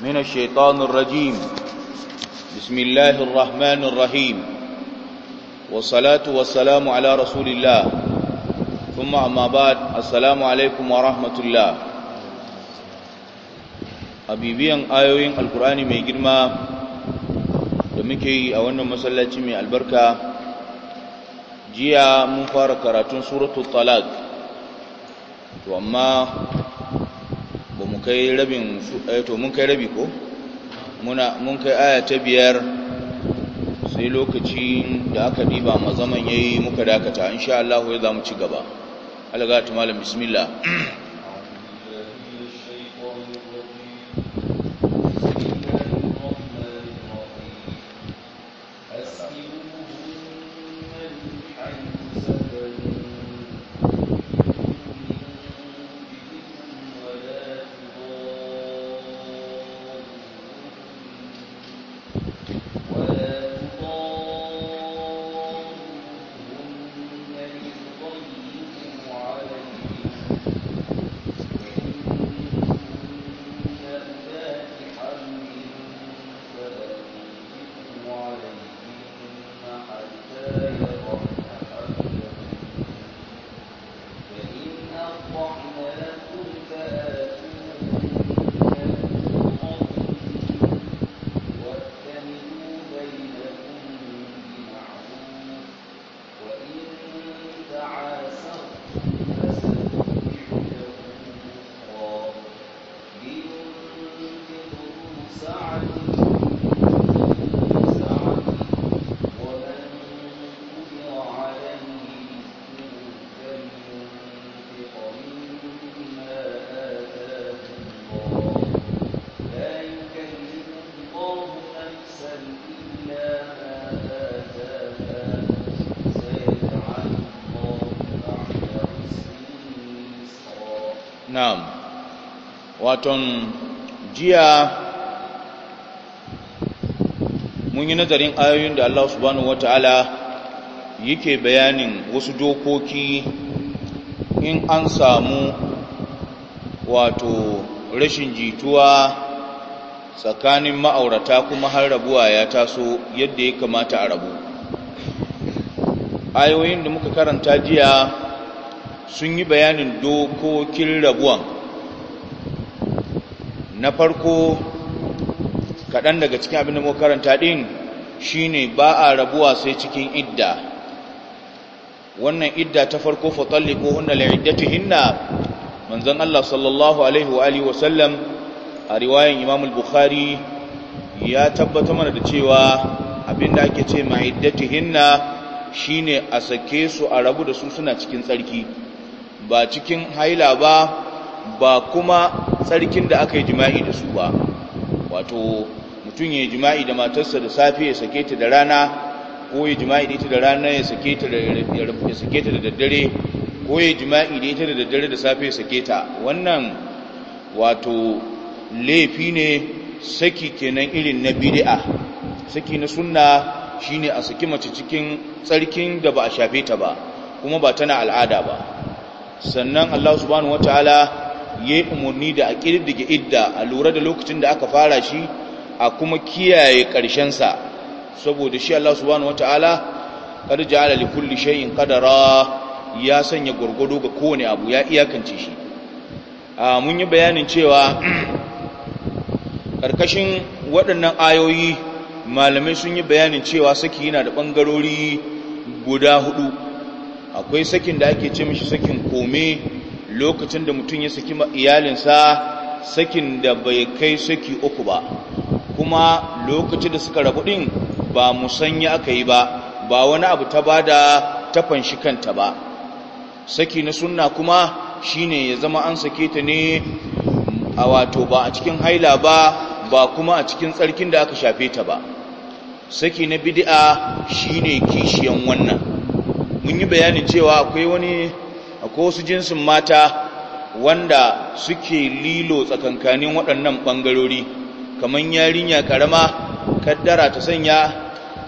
من الشيطان الرجيم بسم الله الرحمن الرحيم والصلاة والسلام على رسول الله ثم أما بعد السلام عليكم ورحمة الله abibiyan ayoyin alkur'ani mai girma da muke yi a wannan masallaci mai albarka jiya mun fara karatun suratul talak. to kai rabin eh, to mun kai rabi ko muna mun kai aya ta biyar sai lokacin da aka diba ma zaman yayi muka dakata insha Allah za zamu ci gaba alga ta malam bismillah waton jiya mun yi nazarin ayoyin da Allah subhanahu wataala yake bayanin wasu dokoki in an samu wato rashin jituwa tsakanin ma'aurata kuma har rabuwa ya taso yadda ya kamata a rabu ayoyin da muka karanta jiya sun yi bayanin dokokin rabuwan na farko kaɗan daga cikin abin da muka karanta ɗin shine ba a rabuwa sai cikin idda wannan idda ta farko fatalli ko hunna hinna manzan Allah sallallahu alaihi wa alihi wa a riwayan Imam al-Bukhari ya tabbata mana da cewa abin da ake ce ma hinna shine a sake su a rabu da su suna cikin tsarki ba cikin haila ba ba kuma tsarkin da aka yi jima'i da su ba wato mutum ya yi jima'i da matarsa da safe ya sake ta da rana ko ya jima'i da ita da rana ya sake ta da daddare ko ya jima'i da ita da daddare da safe ya sake ta wannan wato laifi ne saki kenan irin na bid'a saki na sunna shine a saki mace cikin tsarkin da ba a shafe ta ba kuma ba tana al'ada ba sannan Allah subhanahu wataala ya yi umarni da a ƙididdige idda a lura da lokacin da aka fara shi a kuma kiyaye ƙarshensa saboda shi Allah subhanahu wata'ala kada ja'ala li kulle shay'in ƙadara ya sanya gwargwado ga kowane abu ya iyakance shi mun yi bayanin cewa ƙarƙashin waɗannan ayoyi malamai sun yi bayanin cewa saki yana da ɓangarori guda hudu akwai sakin da ake ce mishi sakin kome lokacin da mutum ya saki iyalinsa sakin da bai kai saki uku ba kuma lokacin da suka rabu din ba musanya aka yi ba ba wani abu ta ba da tafan shi kanta ba saki na sunna kuma shine ya zama an sake ta ne a wato ba a cikin haila ba ba kuma a cikin tsarkin da aka shafe ta ba saki na bid'a shine kishiyan wannan mun yi bayanin cewa akwai wani akwai wasu jinsin mata wanda suke lilo tsakankanin waɗannan ɓangarori kamar yarinya ƙarama kaddara ta sanya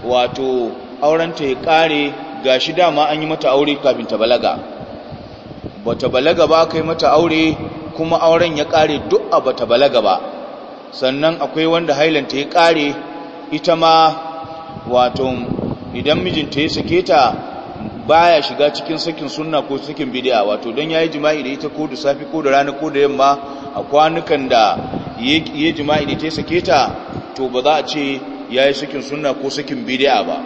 wato aurenta ya ƙare ga shi dama an yi mata aure kafin ta balaga ba ta balaga ba aka yi mata aure kuma auren ya ƙare duk a ba ta balaga ba sannan akwai wanda hailan ta ya ƙare ita ma wato idan mijinta ya sake ta baya shiga cikin sakin sunna ko sakin bid'a wato don yayi jima'i da ita ko da safi ko da rana ko da yamma a kwanukan da yayi jima'i da ta sake ta to ba za a ce yayi sakin sunna ko sakin bid'a ba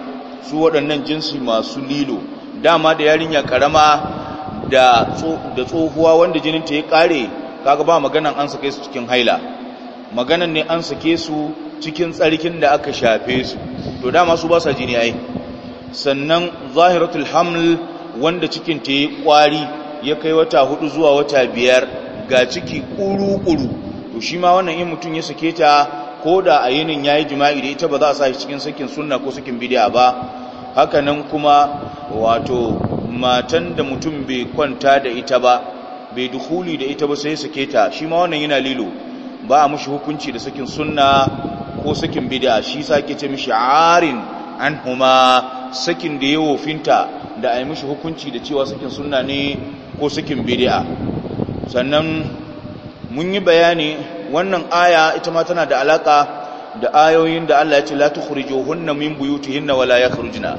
su waɗannan jinsi masu lilo dama da yarinya karama da da tsohuwa wanda jinin ta ya kare kaga ba maganan an sake su cikin haila maganan ne an sake su cikin tsarkin da aka shafe su to dama su ba sa jini ai sannan zahiratul haml wanda cikin ta yi kwari ya kai wata hudu zuwa wata biyar ga ciki kuru-kuru to shi ma wannan yin mutum ya sake ta ko da a yinin ya yi jima'i da ita ba za a sa cikin sakin sunna ko sakin bidiya ba Haka nan kuma wato matan da mutum bai kwanta da ita ba bai dukuli da ita ba sai ya sake ta shi ma wannan yana lilo ba a mushi hukunci da sakin sunna ko sakin bidiya shi sake ke ce mishi arin an huma sakin da ya wofinta da a yi mishi hukunci da cewa sakin sunna ne ko sakin bidi'a sannan mun yi bayani wannan aya ita ma tana da alaka da ayoyin da Allah ya ce la hunna min buyutihinna wala yakhrujna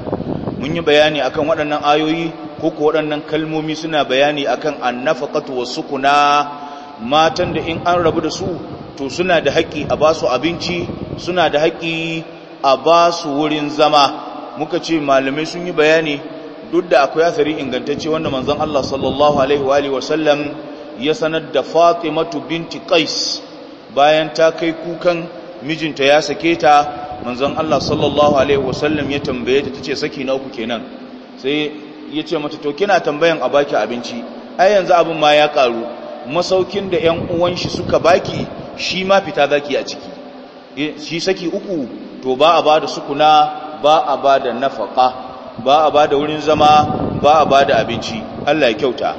mun yi bayani akan waɗannan ayoyi ko ko waɗannan kalmomi suna bayani akan annafaqatu wasukuna matan da in an rabu da su to suna da haƙƙi a ba su abinci suna da haƙƙi a ba su wurin zama muka ce malamai sun yi bayani duk da akwai asari ingantacce wanda manzon Allah sallallahu alaihi wa alihi wasallam ya sanar da Fatimatu binti Qais bayan ta kai kukan mijinta ya sake ta manzon Allah sallallahu alaihi wasallam ya tambaye ta tace saki na uku kenan sai ya ce mata to kina tambayan a baki abinci ai yanzu abin ma ya karu masaukin da ƴan uwan shi suka baki shi ma fita zaki a ciki eh, shi saki uku to ba a ba da sukuna ba a ba da nafaka ba a ba da wurin zama ba a ba da abinci Allah ya kyauta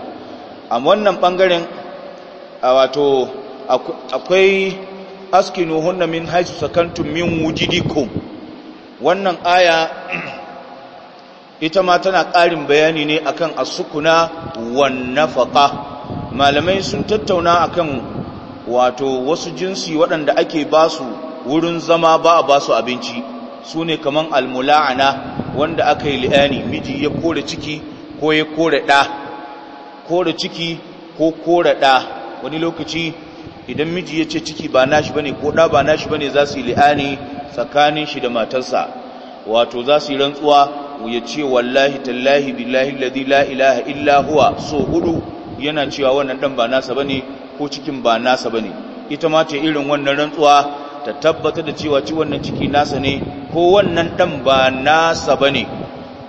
a wannan ɓangaren a wato akwai askinu hunna min haisu sakantun min wujidiku wannan aya ita ma tana ƙarin bayani ne akan asukuna wan nafaka malamai sun tattauna akan wato wasu jinsi waɗanda ake basu wurin zama ba a basu abinci su ne kaman almula'ana wanda aka yi li'ani miji ya kore ciki ko ya kore ɗa kore ciki ko kore ɗa wani lokaci idan miji ya ce ciki ba nashi bane ko ɗa ba nashi bane za su yi li'ani tsakanin shi da matarsa wato za su yi rantsuwa ya ce wallahi tallahi billahi alladhi la ilaha illa huwa so hudu yana cewa wannan dan ba nasa bane ko cikin ba nasa bane ita ma ce irin wannan rantsuwa ta tabbatar da cewa ciwon nan ciki nasa ne ko wannan dan ba nasa bane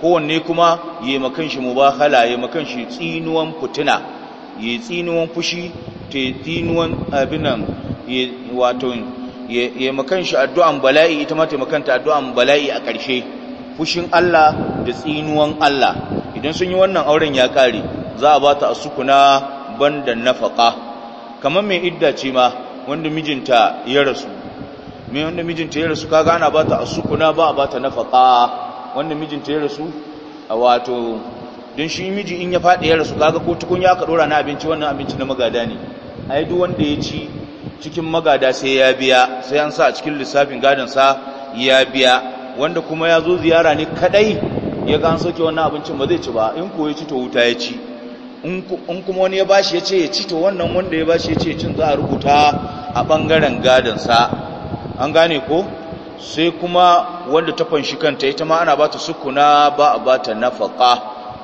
kowanne kuma yayi makan shi mubahala yayi makan shi tsinuwan fitina yayi tsinuwan fushi te tsinuwan abinan wato yayi makan shi addu'an bala'i ita ma ta addu'an bala'i a ƙarshe fushin Allah da tsinuwan Allah idan sun yi wannan auren ya kare za a ba ta asukuna banda nafaka kamar mai idda ce ma wanda mijinta ya rasu mai wanda mijinta ya rasu kaga ana ba ta asukuna ba a ba ta nafaka wanda mijinta ya rasu a wato don shi miji in ya faɗi ya rasu kaga ko tukun ya ka ɗora na abinci wannan abinci na magada ne A duk wanda ya ci cikin magada sai ya biya sai an sa a cikin lissafin gadon sa ya biya wanda kuma ya zo ziyara ne kadai ya ga an soke wannan abincin ba zai ci ba in ko ya ci to wuta ya ci in kuma wani ya bashi ya ce ya ci to wannan wanda ya bashi ya ce cin za a rubuta a ɓangaren gadon sa an gane ko sai kuma wanda ta fanshi kanta ita ma ana bata sukuna ba a bata nafaka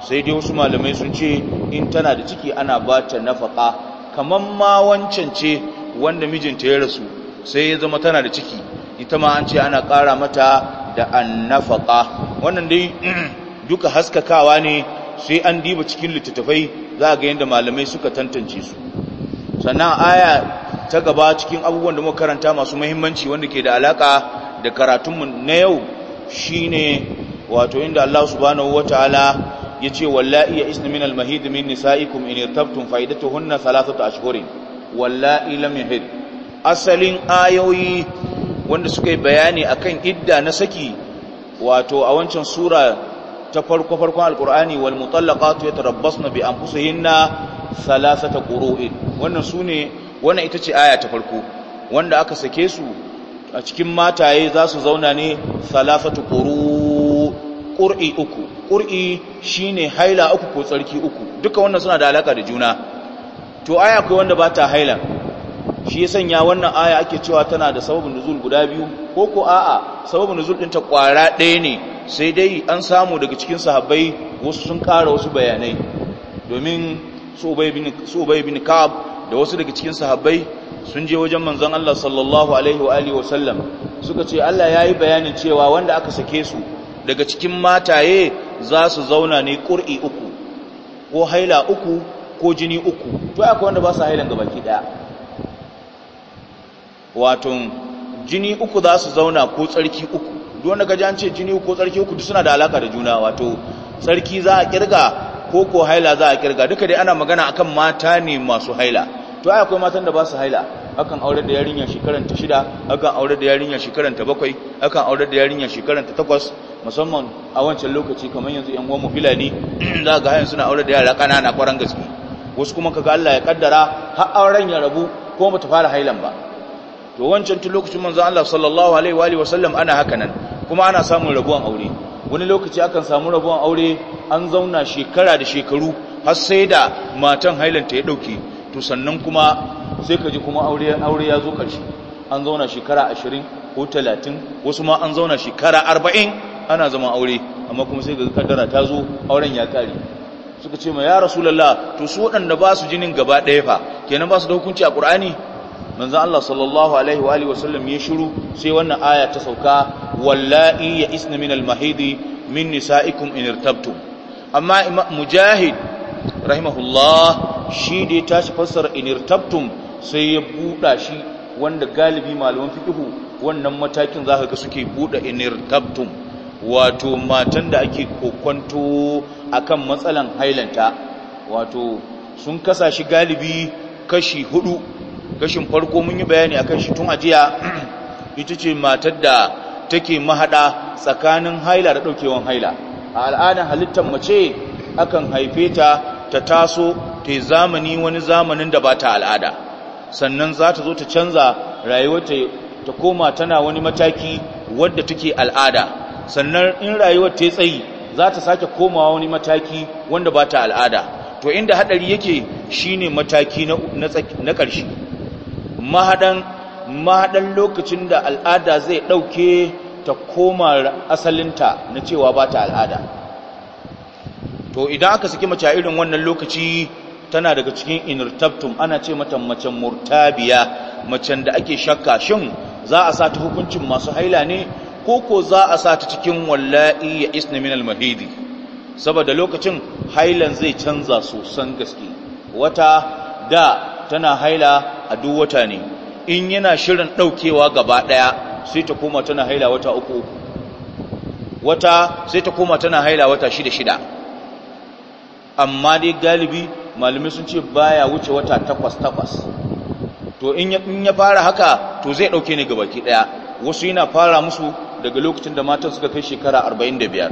sai dai wasu malamai sun ce in tana da ciki ana bata nafaka kamar ma wancan ce wanda mijinta ya rasu sai ya zama tana da ciki ita ma an ce ana ƙara mata da annafaka wannan dai duka haskakawa ne sai an diba cikin littattafai za a ga yadda malamai suka tantance su sannan aya ta gaba cikin abubuwan da muka karanta masu muhimmanci wanda ke da alaka da karatunmu na yau shine wato inda Allah subhanahu wataala yace wallahi ya isna min almahid min nisaikum in irtabtum faidatuhunna thalathatu ashhurin wallahi lam yahid asalin ayoyi wanda suka yi bayani akan idda na saki wato a wancan sura ta farko farkon alqur'ani wal mutallaqatu yatarabbasna bi anfusihinna thalathata qurun wannan sune wannan ita ce aya ta farko wanda aka sake su a cikin mataye za su zauna ne salafatu ƙur'i uku ƙur'i ne haila uku ko tsarki uku duka wannan suna da alaka da juna to aya akwai wanda ba ta haila shi ya sanya wannan aya ake cewa tana da sababin nuzul guda biyu ko ko a'a sababin nuzul ɗinta ƙwara ɗaya ne sai dai an samu daga cikin sahabbai wasu sun ƙara wasu bayanai domin su ubai bin da wasu daga cikin sahabbai sun je wajen manzon Allah sallallahu alaihi wa alihi wasallam suka ce Allah yayi bayanin cewa wanda aka sake su daga cikin mataye za su zauna ne qur'i uku ko haila uku ko jini uku to akwai wanda ba su hailan gabaki daya wato jini uku za su zauna ko tsarki uku duk wanda jan an ce jini uku ko tsarki uku duk suna da alaka da juna wato tsarki za a kirga ko ko haila za a kirga duka dai ana magana akan mata ne masu haila to ai akwai matan da ba su haila akan aure da yarinya shekaran ta shida akan aure da yarinya shekaran ta bakwai akan aure da yarinya shekaran ta takwas musamman a wancan lokaci kamar yanzu yan uwan mu filani za ga hayan suna aure da yara kanana kwaran gaske wasu kuma kaga Allah ya kaddara har auren ya rabu ko bata fara hailan ba to wancan tun lokacin manzo Allah sallallahu alaihi wa alihi ana haka nan kuma ana samun rabuwan aure wani lokaci akan samu rabuwan aure an zauna shekara da shekaru har sai da matan hailanta ya dauke to sannan kuma sai ka kuma aure aure ya zo karshe an zauna shekara 20 ko 30 wasu ma an zauna shekara 40 ana zama aure amma kuma sai ga kaddara ta zo auren ya kare suka ce ma ya rasulullah to su waɗanda ba su jinin gaba ɗaya fa kenan ba su da hukunci a qur'ani manzo Allah sallallahu alaihi wa alihi wasallam ya shiru sai wannan aya ta sauka wallahi ya isna min almahidi min nisaikum in irtabtum amma mujahid rahimahullah shi da ya tashi fassara in irtabtum sai ya buɗa shi wanda galibi malaman fiqhu wannan matakin zaka ga suke buɗa in irtabtum wato matan da ake kokonto akan matsalan hailanta wato sun kasa shi galibi kashi hudu kashin farko mun yi bayani akan shi tun ajiya ita ce matar da take mahada tsakanin haila da daukewan haila a al'adar halittar mace akan haife ta ta taso ta yi zamani wani zamanin da ba ta al'ada sannan za ta zo ta canza rayuwarta ta koma tana wani mataki wadda take al'ada sannan in rayuwar ta tsayi za ta sake komawa wani mataki wanda ba ta al'ada to inda hadari yake shine mataki na ƙarshe mahadan mahadan lokacin da al'ada zai ɗauke ta koma asalinta na cewa ba ta al'ada to idan aka saki mace irin wannan lokaci tana daga cikin inirtabtum ana ce mata mace murtabiya macen da ake shakka shin za a sa ta hukuncin masu haila ne ko ko za a sa ta cikin wallahi ya isna min almahidi saboda lokacin hailan zai canza sosan gaske wata da tana haila a duk wata ne in yana shirin ɗaukewa gaba ɗaya sai ta koma tana haila wata uku wata sai ta koma tana haila wata shida shida amma dai galibi malamai sun ce baya wuce wata takwas takwas to in ya fara haka to zai ɗauke ne gabaki ɗaya wasu yana fara musu daga lokacin da matan suka kai shekara arba'in biyar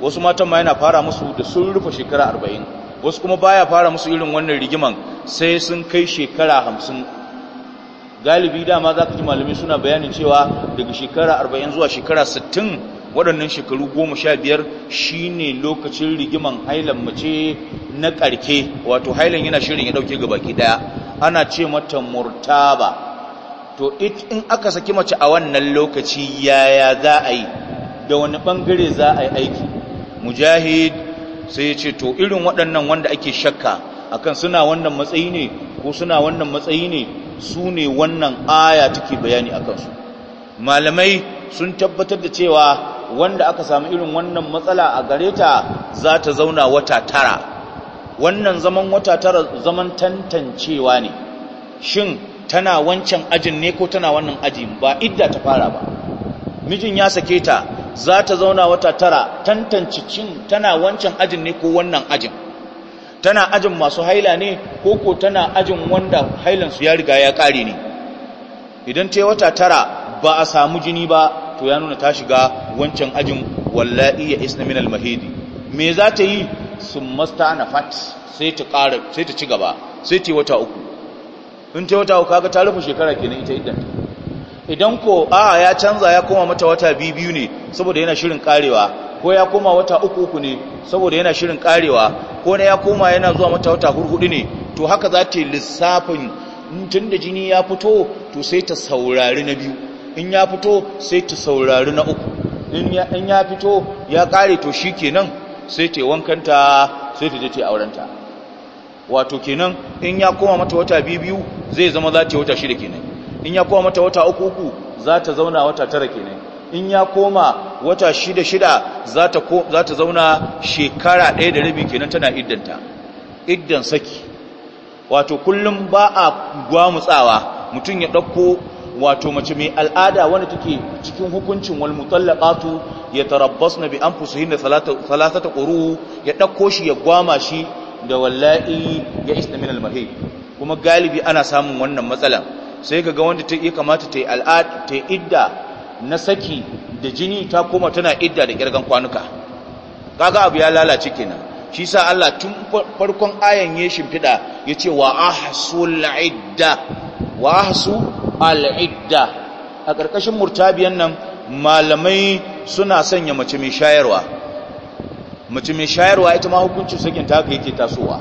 wasu matan ma yana fara musu da sun rufe shekara arba'in wasu kuma baya fara musu irin wannan rigiman sai sun kai shekara hamsin galibi dama za ka ji malamai suna bayanin cewa daga shekara arba'in zuwa shekara sittin waɗannan shekaru goma sha biyar shi ne lokacin rigiman hailan mace na ƙarke wato hailan yana shirin ya ɗauke baki ɗaya ana ce mata murtaba to in aka saki mace a wannan lokaci yaya za a yi da wani ɓangare za a yi aiki mujahid sai ya ce to irin waɗannan wanda ake shakka akan suna wannan matsayi ne ko suna wannan matsayi ne su ne wannan aya take bayani akan su malamai sun tabbatar da cewa wanda aka samu irin wannan matsala a gare ta za ta zauna wata tara wannan zaman wata tara zaman tantancewa ne shin tana wancan ajin ne ko tana wannan ajin ba idda ta fara ba mijin ya sake ta za ta zauna wata tara tantance cin tana wancan ajin ne ko wannan ajin tana ajin masu haila ne ko ko tana ajin wanda hailan su ya riga ya ƙare ne idan ta wata tara ba a samu jini ba to ya nuna ta shiga wancan ajin wallahi ya isna min almahidi me za ta yi sun masta na fat sai ta sai ta ci gaba sai ta wata uku in ta wata uku kaga ta rufe shekara kenan ita idan idan ko a ya canza ya koma mata wata biyu ne saboda yana shirin karewa ko ya koma wata uku uku ne saboda yana shirin karewa ko ne ya koma yana zuwa mata wata hurhudu ne to haka za ta yi lissafin tun da jini ya fito to sai ta saurari na biyu in ya fito sai ta saurari na uku in ya fito ya kare to shi kenan sai ta wankanta sai ta jete ta aurenta wato kenan in ya koma mata wata biyu zai zama za ta yi wata shida kenan in ya koma mata wata uku uku za ta zauna wata tara kenan in ya koma wata shida shida za ta zauna shekara ɗaya da rabi kenan tana iddanta iddan saki wato kullum ba a gwamutsawa mutum ya ɗauko wato mace mai al'ada wanda take cikin hukuncin wal mutallaqatu na bi an anfusihinna salatata ƙuru ya ɗauko shi ya gwama shi da wallahi ya isna min al kuma galibi ana samun wannan matsalan sai ga wanda ta iya kamata ta yi al'ada ta yi idda na saki da jini ta koma tana idda da kirgan kwanuka kaga abu ya lalace kenan shi sa Allah tun farkon ayan ya shimfida ya ce wa ahsul al'idda wa ahsu al'idda a ƙarƙashin murtabiyan nan malamai suna sanya mace mai shayarwa mace mai shayarwa ita ma hukuncin sakin ta haka yake tasowa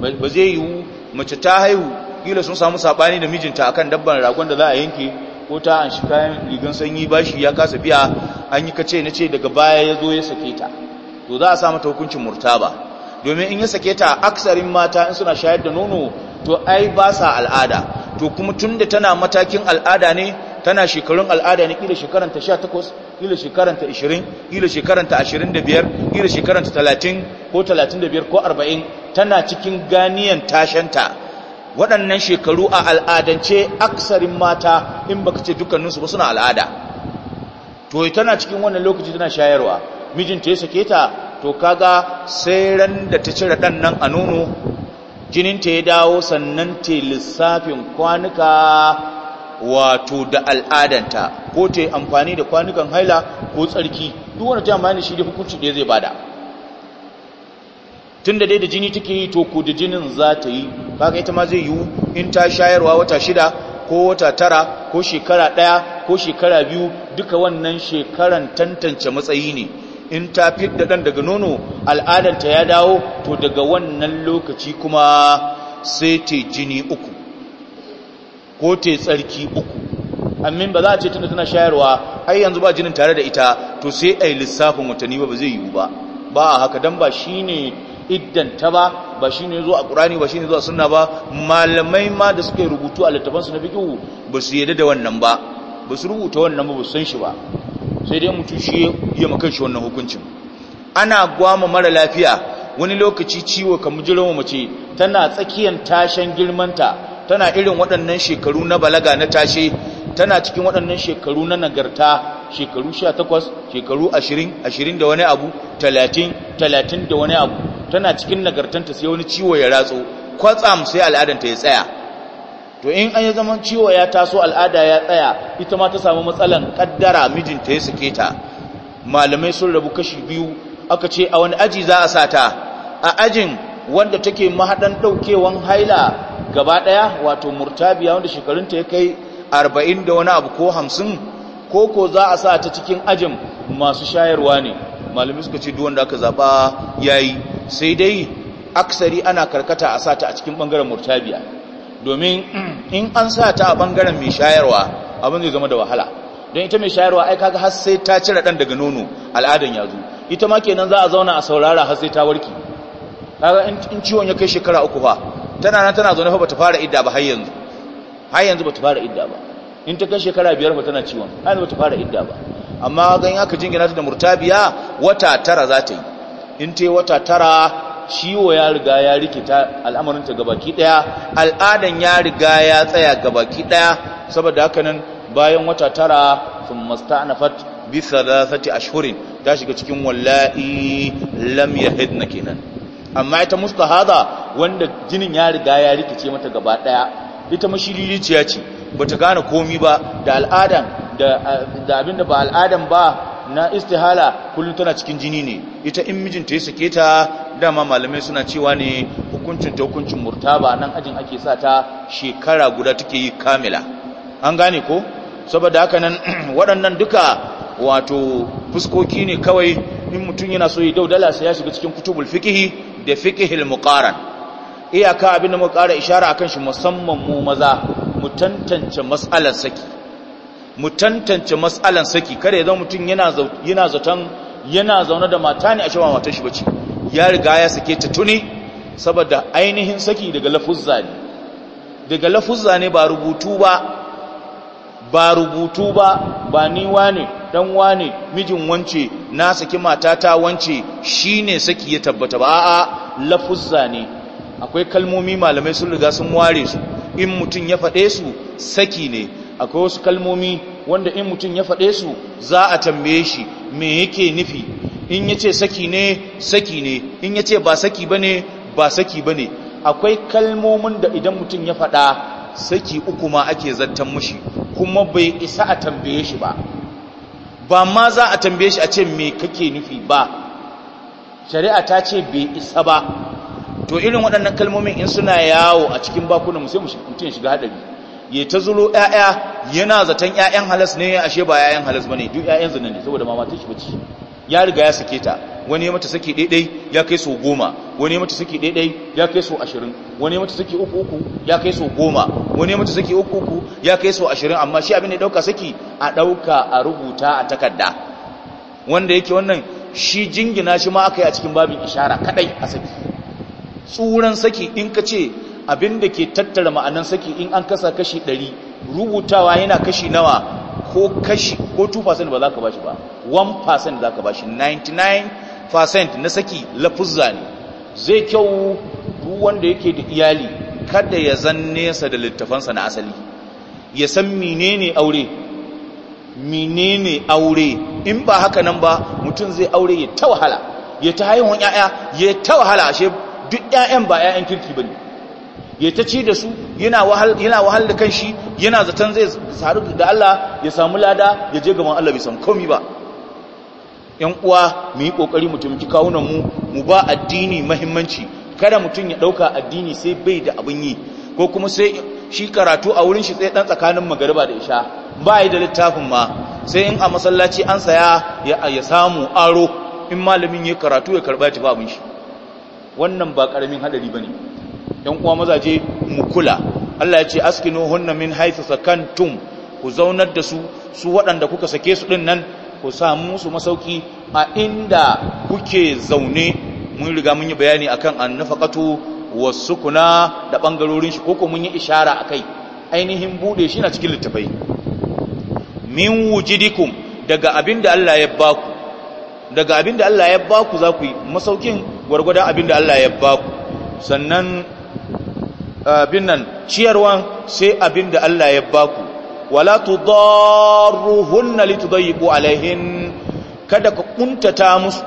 ba zai yiwu mace ta haihu kila sun samu sabani da mijinta akan dabban ragon da za a yanke ko ta an shi kayan rigan sanyi bashi ya kasa biya an yi kace na ce daga baya ya zo ya sake ta to za a sa mata hukuncin murtaba domin in ya sake ta aksarin mata in suna shayar da nono to ai ba sa al'ada to kuma tunda tana matakin al'ada ne tana shekarun al'ada ne kila ta 18 kila ta 20 kila ta 25 kila ta 30 ko 35 ko 40 tana cikin ganiyan tashanta waɗannan shekaru a al'adance aksarin mata in ba ka ce dukkaninsu ba suna al'ada to tana cikin wannan lokaci tana shayarwa mijinta ya sake ta to kaga sai ran da ta cire ɗan nan a nono jininta ya dawo sannan ta lissafin kwanuka wato da al'adanta ko ta amfani da kwanukan haila ko tsarki duk wanda ta amfani shi da hukunci da zai bada tun da dai da jini take yi to ko da jinin za ta yi kaga ita ma zai yiwu in ta shayarwa wata shida ko wata tara ko shekara ɗaya ko shekara biyu duka wannan shekaran tantance matsayi ne in ta fidda ɗan daga nono al'adanta ya dawo to daga wannan lokaci kuma sai ta jini uku ko ta tsarki uku amin ba za a ce da tana shayarwa ai yanzu ba jinin tare da ita to sai ai lissafin watanni ba ba zai yiwu ba ba a haka dan ba shine iddanta ba ba shi zo a Qur'ani ba shi zo a sunna ba malamai ma da suka rubutu a littafan na fiqh ba su yadda da wannan ba ba su rubuta wannan ba ba san shi ba sai dai mutum shi ya maka shi wannan hukuncin ana gwama mara lafiya wani lokaci ciwo kamar wa mace tana tsakiyar tashen girmanta tana irin waɗannan shekaru na balaga na tashe tana cikin waɗannan shekaru na nagarta shekaru 18 shekaru 20 20 da wani abu 30 30 da wani abu tana cikin nagartanta sai wani ciwo ya ratso kwatsam sai al'adanta ya tsaya to in an yi zaman ciwo ya taso al'ada ya tsaya ita ma ta samu matsalan kaddara mijinta ya sake ta malamai sun rabu kashi biyu aka ce a wani aji za a sa ta a ajin wanda take mahadan daukewan haila gaba daya wato murtabiya wanda shekarunta ya kai arba'in da wani abu ko hamsin ko ko za a sa ta cikin ajin masu shayarwa ne malami suka ce duwanda aka zaba ya yi sai dai aksari ana karkata a sa ta a cikin bangaren murtabiya domin in an sa ta a bangaren mai shayarwa abin zai zama da wahala don ita mai shayarwa ai kaga har sai ta cire dan daga nono al'adan ya zo ita ma kenan za a zauna a saurara har sai ta warke kaga in ciwon ya kai shekara uku fa tana nan tana zaune fa bata fara idda ba har yanzu har yanzu bata fara idda ba in ta kai shekara biyar ba tana ciwon har ba ta fara idda ba amma gan aka jingina ta da murtabiya wata tara za ta yi in ta yi wata tara ciwo ya riga ya rikita al'amarinta gabaki daya al'adan ya riga ya tsaya gabaki daya saboda haka nan bayan wata tara sun masta'nafat da sati ashhurin ta shiga cikin wallahi lam yahidna kenan amma ita mustahada wanda jinin ya riga ya rikice mata gaba daya ita mashiririciya ce bata gane komi ba da al'adan da abinda ba al'adan ba na istihala kullum tana cikin jini ne ita in mijinta ya sake ta dama malamai suna cewa ne hukuncin ta hukuncin ba nan ajin ake sa ta shekara guda take yi kamila an gane ko saboda haka nan waɗannan duka wato fuskoki ne kawai in mutum yana so ya daudala sai ya shiga cikin kutubul fiqhi da fiqhil muqaran iyaka abin da mu ƙara ishara akan shi musamman mu maza mu tantance mas'alan saki mu tantance mas'alan saki kada ya zama mutum yana yana zaton yana zaune da mata ne a cewa matar shi bace ya riga ya sake ta tuni saboda ainihin saki daga lafuzza ne daga lafuzza ne ba rubutu ba ba rubutu ba ba ni wane dan wane mijin wance na saki matata wance shine saki ya tabbata ba a'a lafuzza ne akwai kalmomi malamai sun riga sun ware su in mutum ya faɗe su saki ne akwai wasu kalmomi wanda in mutum ya faɗe su za a tambaye shi me yake nufi in ya ce saki ne saki ne in ya ce ba saki ba ne ba saki ba ne akwai kalmomin da idan mutum ya faɗa saki uku ma ake zartan mushi kuma bai isa a tambaye shi ba ba ma za a tambaye shi a ce me kake nufi ba shari'a ta ce bai isa ba to irin waɗannan kalmomin in suna yawo a cikin bakunan sai mutum ya shiga haɗari ya ta zulo ƴaƴa yana zaton ƴaƴan halas ne ashe ba ƴaƴan halas bane duk ƴaƴan zina ne saboda mama ta shi bace ya riga ya sake ta wani ya mata saki daidai ya kai so goma wani ya mata saki daidai ya kai so ashirin wani ya mata saki uku uku ya kai so goma wani ya mata saki uku uku ya kai so ashirin amma shi abin da ya ɗauka saki a ɗauka a rubuta a takarda wanda yake wannan shi jingina shi ma aka yi a cikin babin ishara kaɗai a saki tsuran saki in ka ce abin da ke tattara ma'anan saki in an kasa kashi ɗari rubutawa yana kashi nawa ko kashi ko 2% ba za ka ba shi ba 1% za ka ba shi 99% na saki lafuzza ne zai kyau duk wanda yake da iyali kada ya zan nesa da littafansa na asali ya san menene aure menene aure in ba haka nan ba mutum zai aure ya ta wahala ya ta haihuwan 'ya'ya ya ta wahala ashe duk ƴaƴan ba ƴaƴan kirki bane ya ta ci da su yana wahal yana wahal da yana zaton zai saru da Allah ya samu lada ya je gaban Allah bai samu komai ba ƴan uwa mu yi kokari mu tumki kawunan mu mu ba addini muhimmanci kada mutum ya ɗauka addini sai bai da abin yi ko kuma sai shi karatu a wurin shi sai dan tsakanin magariba da isha ba yi da littafin ma sai in a masallaci an saya ya samu aro in malamin ya karatu ya karba ya ba abin shi wannan ba karamin hadari ne. yan uwa mazaje mu kula Allah ya ce askinu hunna min haythu sakantum ku zaunar da su su waɗanda kuka sake su ɗin nan ku samu su masauki a inda kuke zaune mun riga mun yi bayani akan annafaqatu wasukuna da bangarorin shi koko mun yi ishara kai. ainihin bude shi na cikin littafai min wujidikum daga abinda Allah ya baku daga abinda Allah ya baku za ku yi masaukin gwargwadon abin da Allah ya ba ku sannan abin nan ciyarwan sai abin da Allah ya ba ku wala tudarruhunna litudayyiqu alaihin kada ku kuntata musu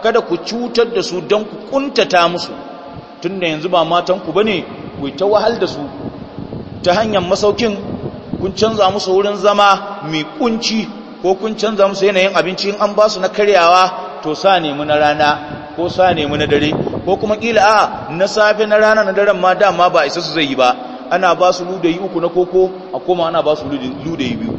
kada ku cutar da su don ku kuntata musu tunda yanzu ba matan ku bane ku ta wahal da su ta hanyar masaukin kun canza musu wurin zama mai kunci ko kun canza musu yanayin abinci in an ba su na karyawa to sa nemi na rana ko sa nemi na dare ko kuma kila a na safe na rana na daren ma dama ba isa su zai yi ba ana ba su ludayi uku na koko a koma ana ba su ludayi biyu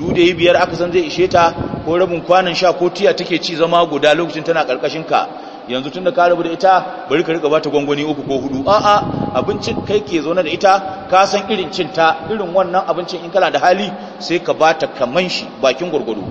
ludayi biyar aka san zai ishe ta ko rabin kwanan sha ko tiya take ci zama guda lokacin tana karkashin ka yanzu tun da ka rabu da ita bari ka rika ba ta gwangwani uku ko hudu a abincin kai ke zaune da ita ka san irin cinta irin wannan abincin in kana da hali sai ka ba ta kaman shi bakin gwargwado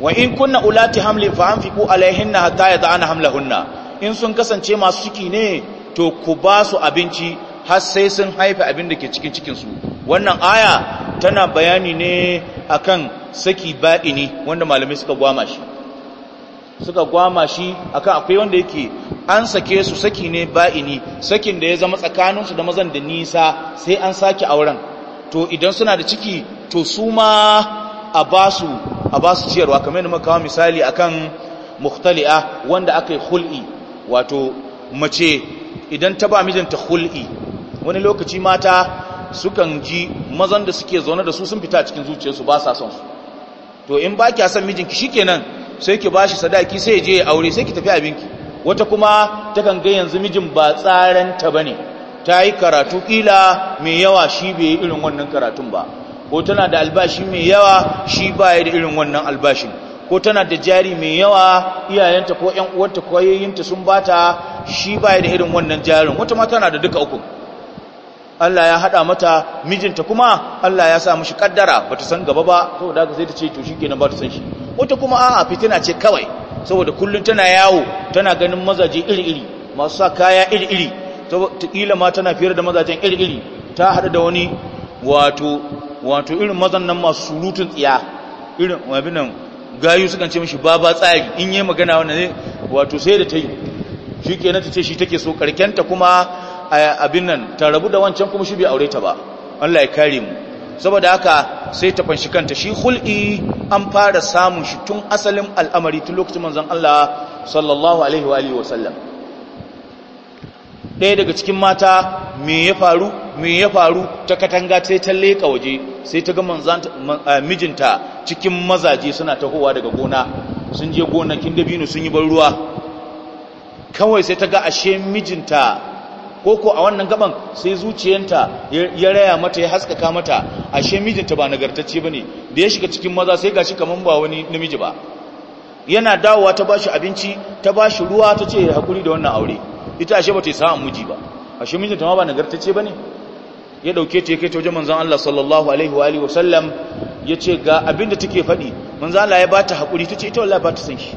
wa in kunna ulati hamli fa anfiqu alaihinna hatta yad'ana hamlahunna in sun kasance masu ciki ne to ku ba su abinci har sai sun haifa abin da ke cikin cikin su wannan aya tana bayani ne akan saki ba'ini wanda malamai suka gwama shi suka gwama shi akan akwai wanda yake an sake su saki ne ba'ini sakin da ya zama tsakanin su da mazan da nisa sai an sake auren to idan suna da ciki to su ma a basu a basu ciyarwa kamar yadda muka kawo misali akan mukhtali'a wanda aka yi hul'i wato mace idan ta ba mijinta hul'i wani lokaci mata sukan ji mazan da suke zaune da su sun fita cikin zuciyarsu ba sa son su to in ba kya son mijinki shikenan sai ki ba shi sadaki sai ya je ya aure sai ki tafi abinki wata kuma ta kan ga yanzu mijin ba tsaranta bane ta yi karatu kila mai yawa shi bai irin wannan karatun ba ko tana da albashi mai yawa shi baya da irin wannan albashin ko tana da jari mai yawa iyayenta ko ƴan uwarta ko yayyinta sun bata shi baya da irin wannan jarin wata ma tana da duka uku Allah ya hada mata mijinta kuma Allah ya sa mishi kaddara bata san gaba ba saboda haka sai ta ce to shikenan ba ta san shi wata kuma a'a fitina ce kawai saboda kullun tana yawo tana ganin mazaje iri-iri masu sa kaya iri-iri ta kila ma tana fiyar da mazajen iri-iri ta hada da wani wato wato irin mazan nan masu surutun tsiya irin wabi nan gayu sukan ce ba baba tsari in yi magana wani ne wato sai da ta yi shi ke ta ce shi take so karkenta kuma abin nan ta rabu da wancan kuma shi bai aure ta ba Allah ya kare mu saboda haka sai ta fanshi kanta shi hul'i an fara samun shi tun asalin al'amari tun lokacin manzan Allah sallallahu alaihi wa sallam ɗaya daga cikin mata me ya faru me ya faru ta katanga sai ta leka waje sai ta ga mijinta cikin mazaje suna tahowa daga gona sun je gonakin dabino sun yi ban ruwa kawai sai ta ga ashe mijinta koko a wannan gaban sai zuciyanta ya raya mata ya haskaka mata ashe mijinta ba nagartacce ba ne da ya shiga cikin maza sai ga shi kamar ba wani namiji ba yana dawowa ta bashi abinci ta ba shi ruwa ta ce hakuri da wannan aure ita ashe ba ta yi sa'an muji ba ashe ta ma ba ce ba ne ya dauke ta ya kai ta wajen manzan Allah sallallahu alaihi wa sallam ya ce ga abinda ta take faɗi manzan Allah ya ba ta haƙuri ta ce ita wallah ba ta san shi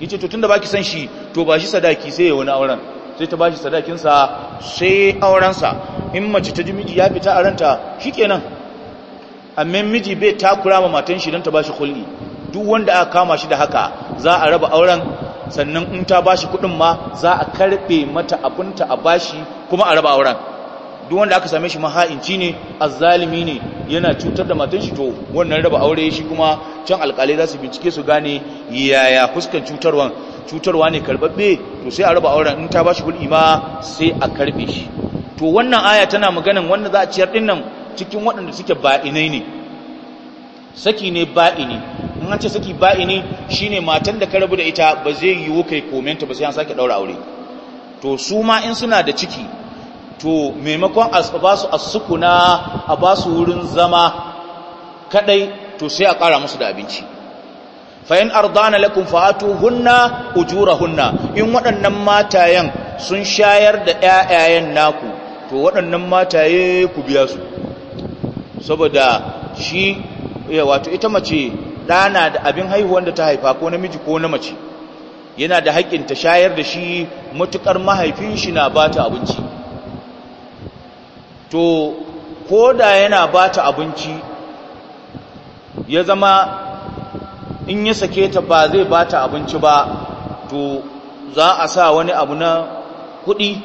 ya ce to tun da ba ki san shi to ba shi sadaki sai ya wani auren sai ta ba shi sadakinsa sai aurensa in mace ta ji miji ya fita a ranta shi kenan amma miji bai takura ma matan shi don ta ba shi kulli duk wanda aka kama shi da haka za a raba auren sannan in ta bashi kuɗin ma za a karɓe mata abunta a bashi kuma a raba auren duk wanda aka same shi maha'inci ne azzalimi ne yana cutar da matan shi to wannan raba aure shi kuma can alƙalai za su bincike su gane yaya fuskan cutarwan cutarwa ne karbabbe to sai a raba auren in ta bashi kuɗi ma sai a karbe shi to wannan aya tana maganan wanda za a ciyar ɗin nan cikin waɗanda suke ba'inai ne saki ne ba'ini in an ce saki ba'ini shine matan da ka rabu da ita ba zai yiwu kai komenta ba sai an sake daura aure to su ma in suna da ciki to maimakon a ba su asukuna a ba su wurin zama kadai to sai a kara musu da abinci fa in ardana lakum Ujura ujurahunna in waɗannan matayen sun shayar da ƴaƴayen naku to waɗannan mataye ku biya su saboda shi wato ita mace na da abin haihuwan da ta haifa ko namiji ko na mace yana da haƙƙin ta shayar da shi matuƙar mahaifin shi na ba abinci to ko da yana ba abinci ya zama in ya sake ta ba zai bata ta abinci ba to za a sa wani abu na kuɗi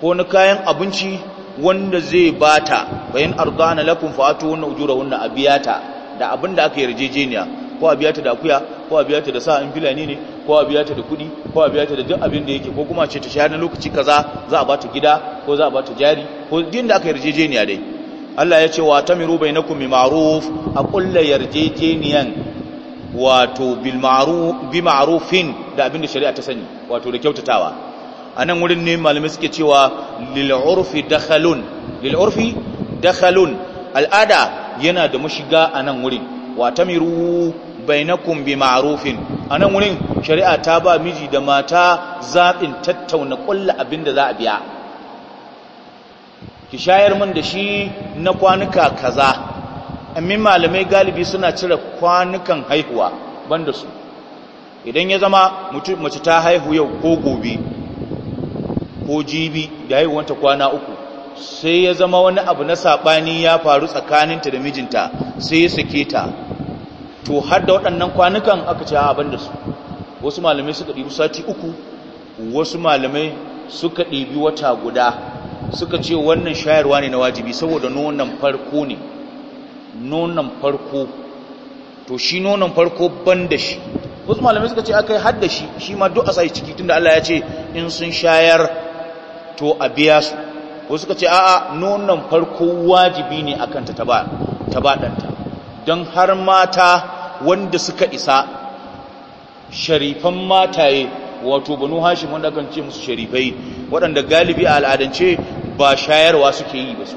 ko na kayan abinci wanda zai ba ta bayan arzana lakun fa'atu wannan ujura wannan abiyata da abin da aka yarjejeniya ko a biya ta da akuya ko a biya ta da sa'an filani ne ko a biya ta da kuɗi ko a biya ta da duk abin da yake ko kuma ce ta shahar na lokaci kaza za a ba ta gida ko za a ba ta jari ko din da aka yarjejeniya dai Allah ya ce wa tamiru bainakum bi ma'ruf a kullu yarjejeniyan wato bil bi ma'rufin da abin da shari'a ta sani wato da kyautatawa anan wurin ne malamai suke cewa lil urfi dakhalun lil dakhalun al'ada yana da mashiga a nan wurin watamiru bainakum bi ma'rufin a nan wurin shari'a ta ba miji da mata zaɓin tattauna ƙulla abin da za a biya ki shayar min da shi na kwanuka kaza amin malamai galibi suna cire kwanukan haihuwa banda su idan ya zama mace ta haihu yau ko gobe ko jibi da haihuwanta kwana uku sai ya zama wani abu na saɓani ya faru tsakaninta da mijinta sai ya sake ta to har da waɗannan kwanukan aka ce abin da su wasu malamai suka ɗibi sati uku wasu malamai suka ɗibi wata guda suka ce wannan shayarwa ne na wajibi saboda nonon farko ne nonon farko to shi nonon farko ban da shi wasu malamai suka ce aka yi da shi shi ma duk a sai ciki tunda Allah ya ce in sun shayar to a biya su wasu suka ce a'a nonon farko wajibi ne akan ta taba ɗanta don har mata wanda suka isa sharifan mataye wato banu hashim wanda kan ce musu sharifai waɗanda galibi a al'adance ba shayarwa suke yi ba su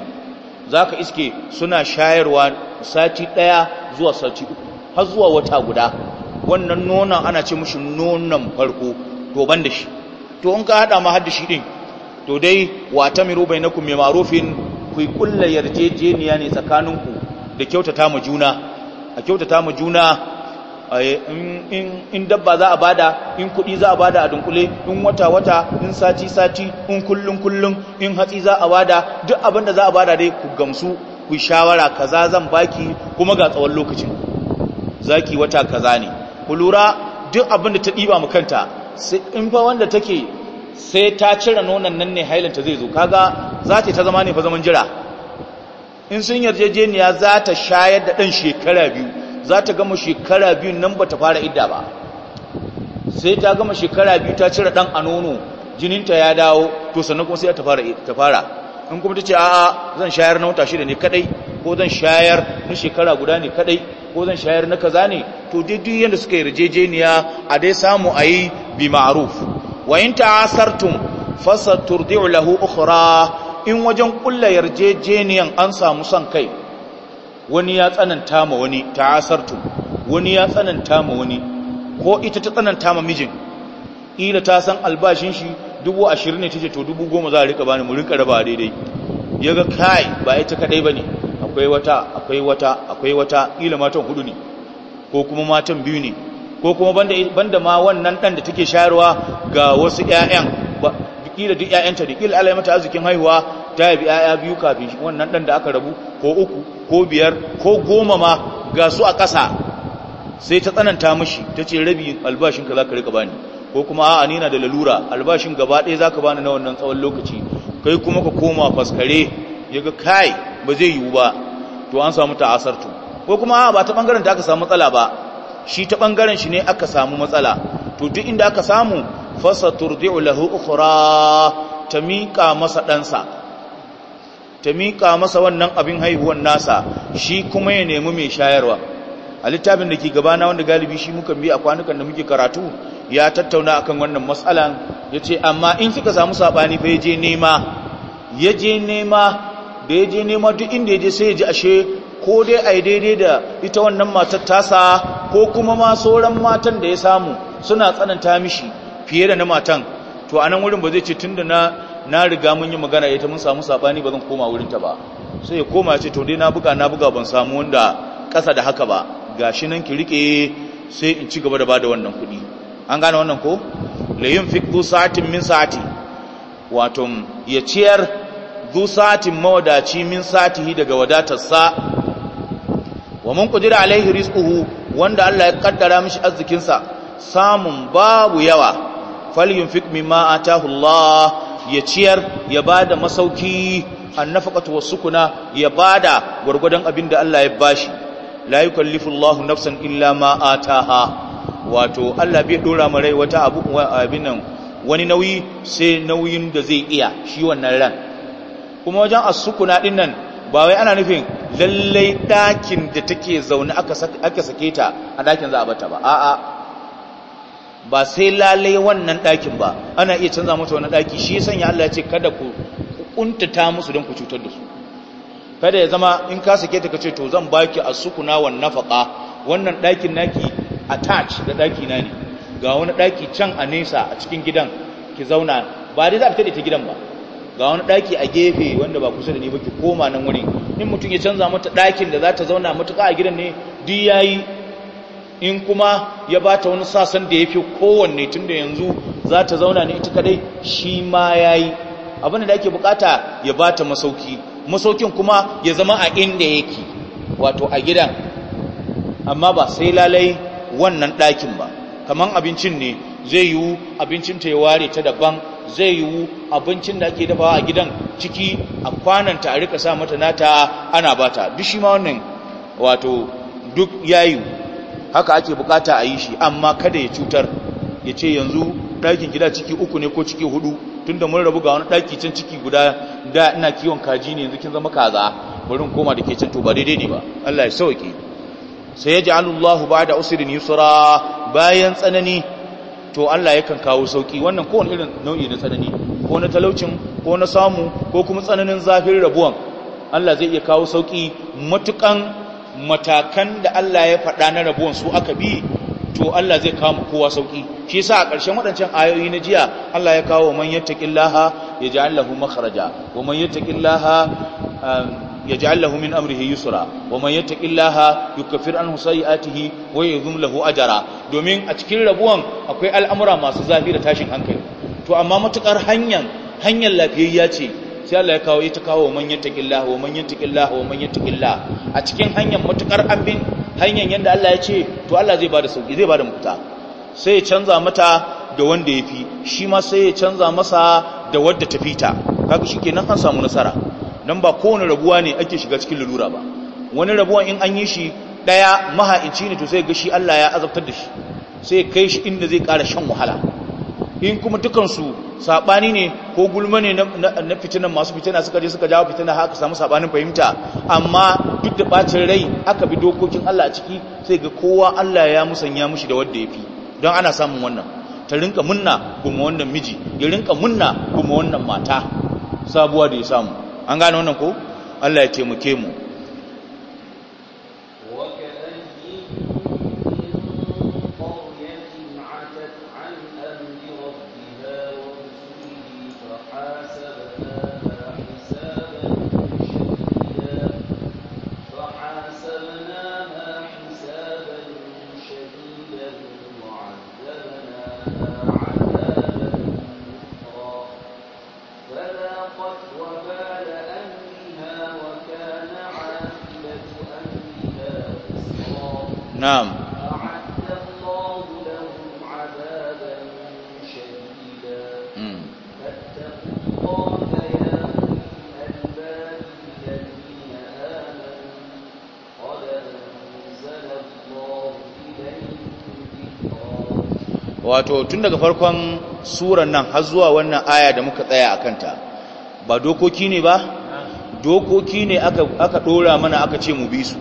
za ka iske suna shayarwa sati ɗaya zuwa sati uku har zuwa wata guda wannan nonon ana ce mushi nonon farko to ban da shi to in ka haɗa ma har da shi ɗin to dai wa ta na ku mai ma'rufin ku kulla yarjejeniya ne tsakaninku da kyautata mu juna a kyautata mu juna in dabba za a bada in kudi za a bada a dunkule in wata-wata in sati-sati in kullum-kullum in hatsi za a bada duk abin da za a bada dai ku gamsu ku shawara kaza zan baki kuma ga tsawon lokacin zaki wata kaza ne ku lura duk abin da ta ɗiba mu kanta in fa wanda take sai ta cire nonon nan ne hailanta zai zo kaga za ta ta zama ne fa zaman jira in sun yarjejeniya za ta shayar da ɗan shekara biyu za ta gama shekara biyu nan ba ta fara idda ba sai ta gama shekara biyu ta cire ɗan a nono jininta ya dawo to sannan kuma sai ta fara ta fara in kuma ta ce a'a zan shayar na wata shida ne kadai ko zan shayar na shekara guda ne kadai ko zan shayar na kaza ne to dai duk yanda suka yarjejeniya a dai samu ayi bi ma'ruf wa in ta'asartum fasaturdi'u lahu ukhra in wajen kulla yarjejeniyan an samu son kai wani ya tsananta ma wani ta'asartum wani ya tsananta ma wani ko ita ta tsananta ma mijin ila ta san albashin shi dubu ashirin ne ta ce to dubu goma za a rika bani mu rika raba daidai ya ga kai ba ita kadai ba ne akwai wata akwai wata akwai wata ila matan hudu ne ko kuma matan biyu ne ko kuma banda ma wannan dan da take shayarwa ga wasu ƴaƴan kila duk ƴaƴanta da kila alai mata arzikin haihuwa ta yi ƴaƴa biyu kafin wannan dan da aka rabu ko uku ko biyar ko goma ma ga su a ƙasa sai ta tsananta mishi ta ce rabi albashin ka zaka rika bani ko kuma a'a ni na da lalura albashin gaba ɗaya zaka bani na wannan tsawon lokaci kai kuma ka koma faskare yaga kai ba zai yiwu ba to an samu ta'asartu ko kuma a'a ba ta bangaren da aka samu matsala ba shi ta ɓangaren shi ne aka samu matsala to duk inda aka samu turdi'u lahu ukhra ta miƙa masa ɗansa ta miƙa masa wannan abin haihuwan nasa shi kuma ya nemi mai shayarwa a littafin da ke gabana wanda galibi shi muka bi a kwanukan da muke karatu ya tattauna akan wannan matsalan yace amma in kika samu saɓani fa ya je nema ya je nema da ya je nema duk inda ya je sai ya ji ashe ko dai a yi daidai da ita wannan matar tasa ko kuma ma sauran matan da ya samu suna tsananta mishi fiye da na matan to a nan wurin ba zai ce tun da na riga mun yi magana ita mun samu saɓani ba zan koma wurinta ba sai ya koma ce to dai na buga na buga ban samu wanda ƙasa da haka ba Ga shi nan ki rike sai in ci gaba da bada wannan kuɗi an gane wannan ko la fi du sa'atin min sa'ati wato ya ciyar du sa'atin mawadaci min sa'atihi daga wadatarsa wa mun qudira alaihi rizquhu wanda Allah ya kaddara mishi arzikin sa samun babu yawa falyunfiq mimma atahu Allah ya ciyar ya bada masauki annafaqatu wasukuna ya bada gurgudan abinda Allah ya bashi la yukallifu Allahu nafsan illa ma ataha wato Allah bai dora rai wata abu abin nan wani nauyi sai nauyin da zai iya shi wannan ran kuma wajen asukuna din nan ba wai ana nufin lallai ɗakin da take zaune aka sake ta a ɗakin za a bata ba a'a ba sai lalai wannan ɗakin ba ana iya canza mata wani daki shi ya sanya Allah ya ce kada ku kuntata musu don ku cutar da su kada ya zama in ka sake ta kace to zan baki asukuna wan nafaka wannan ɗakin naki attach da ɗakina na ne ga wani ɗaki can a nesa a cikin gidan ki zauna ba dai za a fita da ta gidan ba ga wani ɗaki a gefe wanda ba kusa da ni ba ki koma nan wurin in mutum ya canza mata dakin da za ta zauna matuka a gidan ne duk yayi in kuma ya ba ta wani sasan da yafi kowanne tunda yanzu za ta zauna ne ita kadai shi ma yayi abin da ake bukata ya ba ta masauki masaukin kuma ya zama a inda yake wato a gidan amma ba sai lalai wannan ɗakin ba kaman abincin ne zai yiwu abincin ta ya ware ta daban zai yiwu abincin da ake dafawa a gidan ciki a kwananta a rika sa mata nata ana bata duk shi ma wannan wato duk yayi haka ake bukata a yi shi amma kada ya cutar ya ce yanzu ɗakin gida ciki uku ne ko ciki hudu tunda mun rabu ga wani ɗaki can ciki guda da ina kiwon kaji ne yanzu kin zama kaza wurin koma da ke can to ba daidai ne ba Allah ya sauke sai ya ja'alullahu ba'da usrin yusra bayan tsanani to Allah yakan kawo sauki wannan ko wani irin nau'i na tsanani ko na talaucin ko na samu ko kuma tsananin zafin rabuwan Allah zai iya kawo sauki matukan matakan da Allah ya faɗa na rabuwan su aka bi to Allah zai kawo mu kowa sauki shi yasa a ƙarshen waɗancan ayoyi na jiya Allah ya kawo man yattaqillaha yaj'al lahu makhraja wa man yattaqillaha um, yaj'al lahu min amrihi yusra wa man yattaqillaha yukaffir anhu sayi'atihi wa yuzim lahu ajra domin a cikin rabuwan akwai al'amura masu zafi da tashin hankali to amma matukar hanyan hanyar lafiyayya ce sai Allah ya kawo ita kawo man yattaqillaha wa man yattaqillaha wa man yattaqillaha a cikin hanyar matukar abin hanyar yanda Allah ya ce to Allah zai bada sauki zai bada mafita sai ya canza mata da wanda ya fi shi ma sai ya canza masa da wadda tafita kaga shikenan an samu nasara don ba kowane rabuwa ne ake shiga cikin lalura ba wani rabuwa in an yi shi ɗaya maha'inci ne to sai ga Allah ya azabtar da shi sai kai shi inda zai kara shan wahala in kuma dukansu saɓani ne ko gulma ne na fitinan masu fitina suka je suka jawo fitina haka samu sabanin fahimta amma duk da ɓacin rai aka bi dokokin Allah a ciki sai ga kowa Allah ya musanya mushi da wanda ya fi don ana samun wannan ta rinka munna kuma wannan miji ya rinka munna kuma wannan mata sabuwa da ya samu an gane wannan ko Allah ya taimake mu wato tun daga farkon suran nan har zuwa wannan aya da muka tsaya a kanta ba dokoki ne ba dokoki ne aka aka mana aka ce mu bi su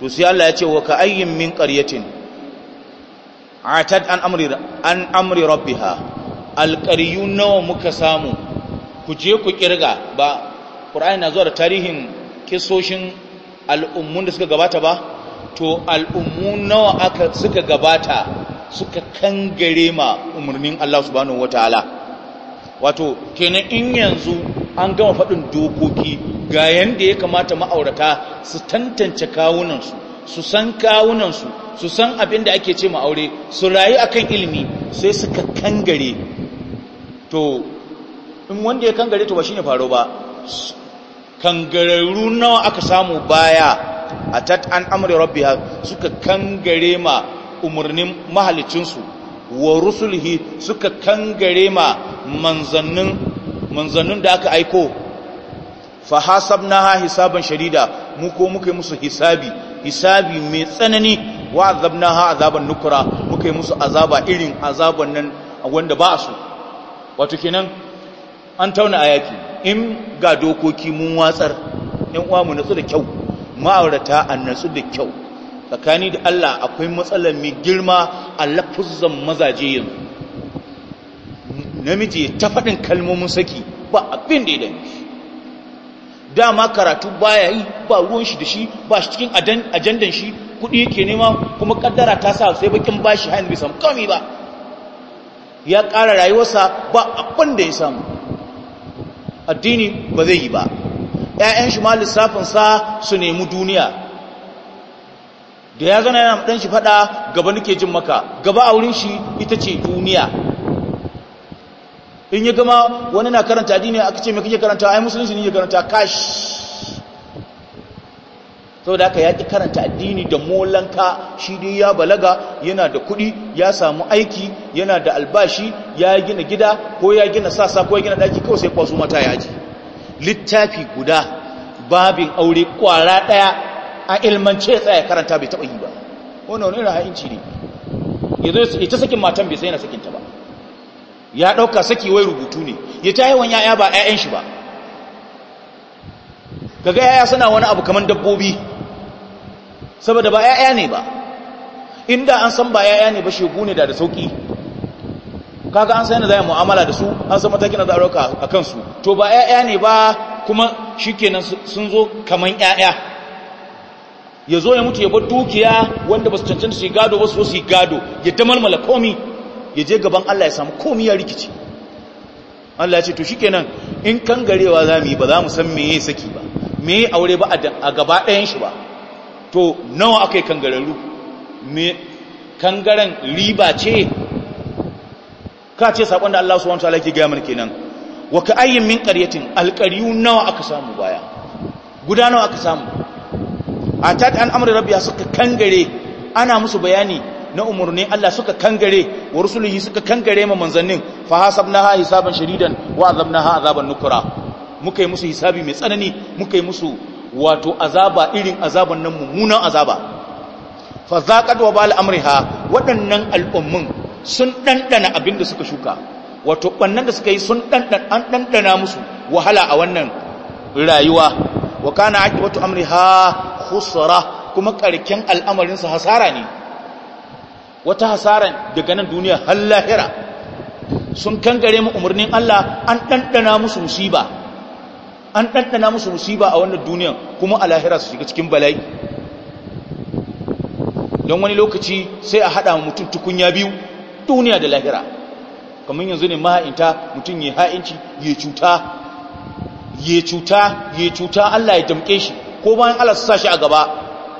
to sai Allah ya ce wa ka ayyin min qaryatin atat an amri an amri rabbiha nawa muka samu ku je ku ƙirga ba qur'ani na zuwa da tarihin kisoshin al'ummun da suka gabata ba to al'ummu nawa aka suka gabata suka kangare ma umarnin Allah subhanahu wataala wato kenan in yanzu an gama faɗin dokoki ga yanda ya kamata ma'aurata su tantance kawunansu su san kawunansu su san abin da ake ce ma'aure su rayu akan ilimi sai suka kangare to in wanda ya kangare to ba shine faru ba kangararru nawa aka samu baya a tat an amri rabbiha suka kangare ma umarnin mahalicinsu wa rusulhi suka kangare ma manzannin da aka aiko fa na hisaban shadida mu ko muka yi musu hisabi hisabi mai tsanani wa na ha azaban nukura muka yi musu azaba irin azaban nan wanda ba su wato kenan an tauna a yaki in ga dokoki mun watsar yan uwa mu natsu da kyau ma'aurata a natsu da kyau tsakani da Allah akwai matsalar mai girma a lafuzan mazaje yin namiji ta faɗin kalmomin saki ba abin da ya dama karatu baya yi ba ruwan shi da shi ba shi cikin ajandan shi kuɗi yake nema kuma kaddara ta sa sai bakin bashi hayan bai samu kami ba ya ƙara rayuwarsa ba abin da ya samu addini ba zai yi ba ‘ya'yan shi ma lissafinsa su nemi duniya da ya zana yana dan shi fada gaba nake jin maka gaba a wurin shi ita ce duniya in ya gama wani na karanta addini aka ce me kake karanta ai musulunci ne ya karanta kash da haka ya ƙi karanta addini da molanka shi dai ya balaga yana da kuɗi ya samu aiki yana da albashi ya gina gida ko ya gina sasa ko ya gina ɗaki kawai sai kwaso mata ya yaji littafi guda babin aure kwara ɗaya a ilmance tsaya karanta bai taɓa yi ba wani wani irin ha'inci ne yanzu ita sakin matan bai sai sakinta ba ya ɗauka saki wai rubutu ne ya ta yawan ya'ya ba 'ya'yan shi ba ga ya'ya suna wani abu kamar dabbobi saboda ba ya'ya ne ba inda an san ba ya'ya ne ba shegu ne da da sauki kaga an san yana zai mu'amala da su an san matakin da za a ɗauka a kansu to ba ya'ya ne ba kuma shi kenan sun zo kamar ya'ya ya zo ya mutu ya bar dukiya wanda ba su cancanta su yi gado ba su su yi gado ya damalmala komi ya je gaban Allah ya samu komi ya rikici Allah ya ce to shikenan in kangarewa za mu yi ba za mu san meye saki ba meye aure ba a gaba ɗayan shi ba to nawa aka yi kangararru me kangaren riba ce ka ce saƙon da Allah subhanahu wa ta'ala ke gaya mana kenan wa ka ayyin min qaryatin alqaryu nawa aka samu baya guda nawa aka samu a tat an amri rabbiya suka kangare ana musu bayani na umarnin Allah suka kangare wa rusulihi suka kangare ma manzannin fa ha hisaban shadidan wa ha azaban nukura muka yi musu hisabi mai tsanani muka yi musu wato azaba irin azaban nan mummunan azaba fa zaqat wa bal amriha waɗannan al'ummin sun dandana abin da suka shuka wato bannan da suka yi sun dandana an dandana musu wahala a wannan rayuwa wa kana aqibatu amriha khusara kuma karken al'amarinsa hasara ne wata hasara daga nan duniya har lahira sun kangare mu umarnin Allah an ɗanɗana musu musiba an ɗanɗana musu musiba a wannan duniya kuma a lahira su shiga cikin bala'i don wani lokaci sai a haɗa mutum tukunya biyu duniya da lahira kamar yanzu ne maha'inta mutum ya ha'inci ya cuta ya cuta ya cuta Allah ya damke shi ko bayan Allah su sa shi a gaba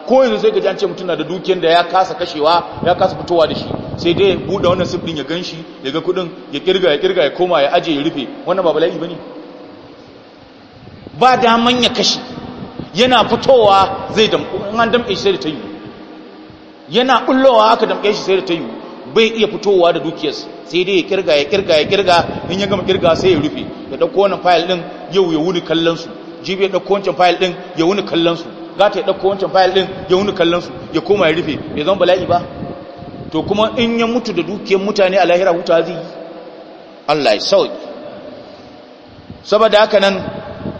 ko yanzu sai gaji an ce mutum na da dukiyar da ya kasa kashewa ya kasa fitowa da shi sai dai buɗa buɗe wannan sifirin ya gan shi ya ga kuɗin ya kirga ya kirga ya koma ya aje ya rufe wannan ba bala'i ba ne ba daman ya kashe yana fitowa zai damƙo in an damƙe shi sai da ta yiwu yana ɓullowa aka damƙe shi sai da ta yiwu bai iya fitowa da dukiyar sai dai ya kirga ya kirga ya kirga in ya gama kirga sai ya rufe ya ɗauko wannan fayil ɗin yau ya wuni kallon su jibi ya ɗauko wancan fayil ɗin ya wuni kallon su gata ya ɗauko wancan fayil ɗin ya wuni kallon su ya koma ya rufe bai zama bala'i ba to kuma in ya mutu da dukiyar mutane a lahira huta zai yi Allah ya sauki saboda haka nan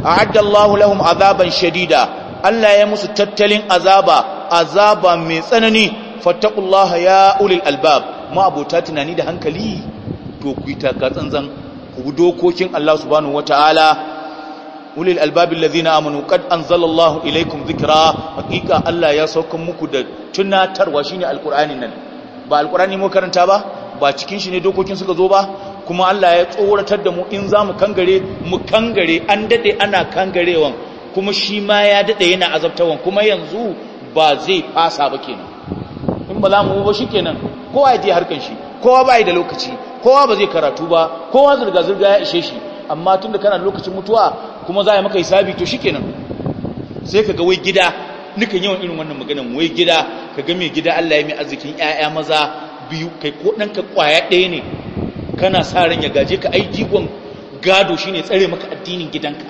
a'adda Allahu lahum azaban shadida Allah ya musu tattalin azaba azaba mai tsanani fattaqullaha ya ulil albab ma abota tunani da hankali to ku yi taka ku dokokin Allah subhanahu wataala ulil albabi allazina amanu qad anzalallahu ilaykum dhikra hakika Allah ya sauka muku da tunatarwa shine alqur'ani nan ba alqur'ani mu karanta ba ba cikin shi ne dokokin suka zo ba kuma Allah ya tsoratar da mu in zamu kangare mu kangare an dade ana kangarewan kuma shi ma ya dade yana azabtawan kuma yanzu ba zai fasa ba kenan in ba za mu ba shikenan kowa ya je harkan shi kowa bai da lokaci kowa ba zai karatu ba kowa zirga zirga ya ishe shi amma tunda kana lokacin mutuwa kuma za a maka hisabi to shi shikenan sai ka ga wai gida nika yawan irin wannan maganan wai gida ka ga mai gida Allah ya mai arzikin 'ya'ya maza biyu kai ko ka ƙwaya ɗaya ne kana sa ran ya gaje ka ai jigon gado shine tsare maka addinin gidanka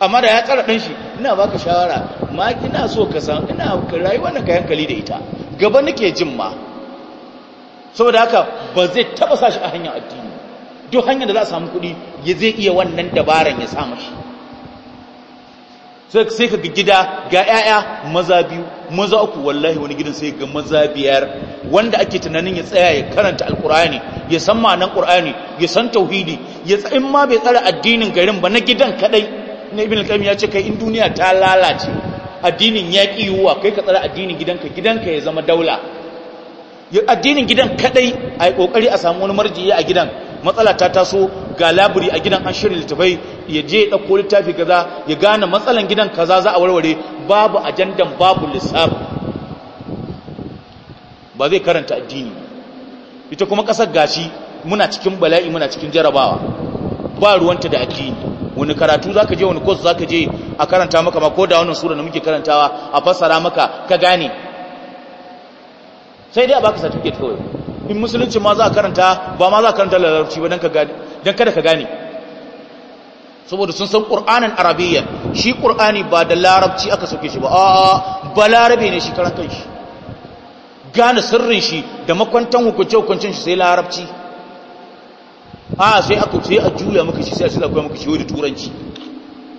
amma da ya tsara ɗan shi ina baka shawara ma ina so ka san ina rayuwa na ka yankali da ita gaba nake jimma, saboda haka ba zai taba sa shi a hanyar addini duk hanyar da za a samu kuɗi ya zai iya wannan dabaran ya samu shi sai ka gida ga 'ya'ya maza biyu maza uku wallahi wani gidan sai ga maza biyar wanda ake tunanin ya tsaya ya karanta alkur'ani ya san ma'anan Ƙur'ani, ya san tauhidi ya tsayin ma bai tsara addinin garin ba na gidan kadai na ibn al ya ce kai in duniya ta lalace addinin ya ki kai ka tsara addinin gidanka gidanka ya zama daula addinin gidan kadai a kokari a samu wani marji'i a gidan matsala ta taso ga labiri a gidan an shirya littafai ya je ya ɗauko littafi kaza ya gane matsalan gidan kaza za a warware babu ajandan babu lissafi ba zai karanta addini ita kuma ƙasar gashi muna cikin bala'i muna cikin jarabawa ba ruwanta da addini wani karatu za ka je wani za ka je a karanta maka ma ko da wannan sura na muke karantawa a fassara maka ka gane sai dai a baka certificate kawai in musulunci ma za a karanta ba ma za a karanta larabci ba don kada ka gane saboda sun san ƙur'anin arabiyyar shi ƙur'ani ba da larabci aka sauke shi ba a ba larabe ne shi karan shi gane sirrin shi da makwantan hukunce-hukuncen shi sai larabci a sai aka sai a juya maka shi sai a shi zakuwa maka shi wadda da turanci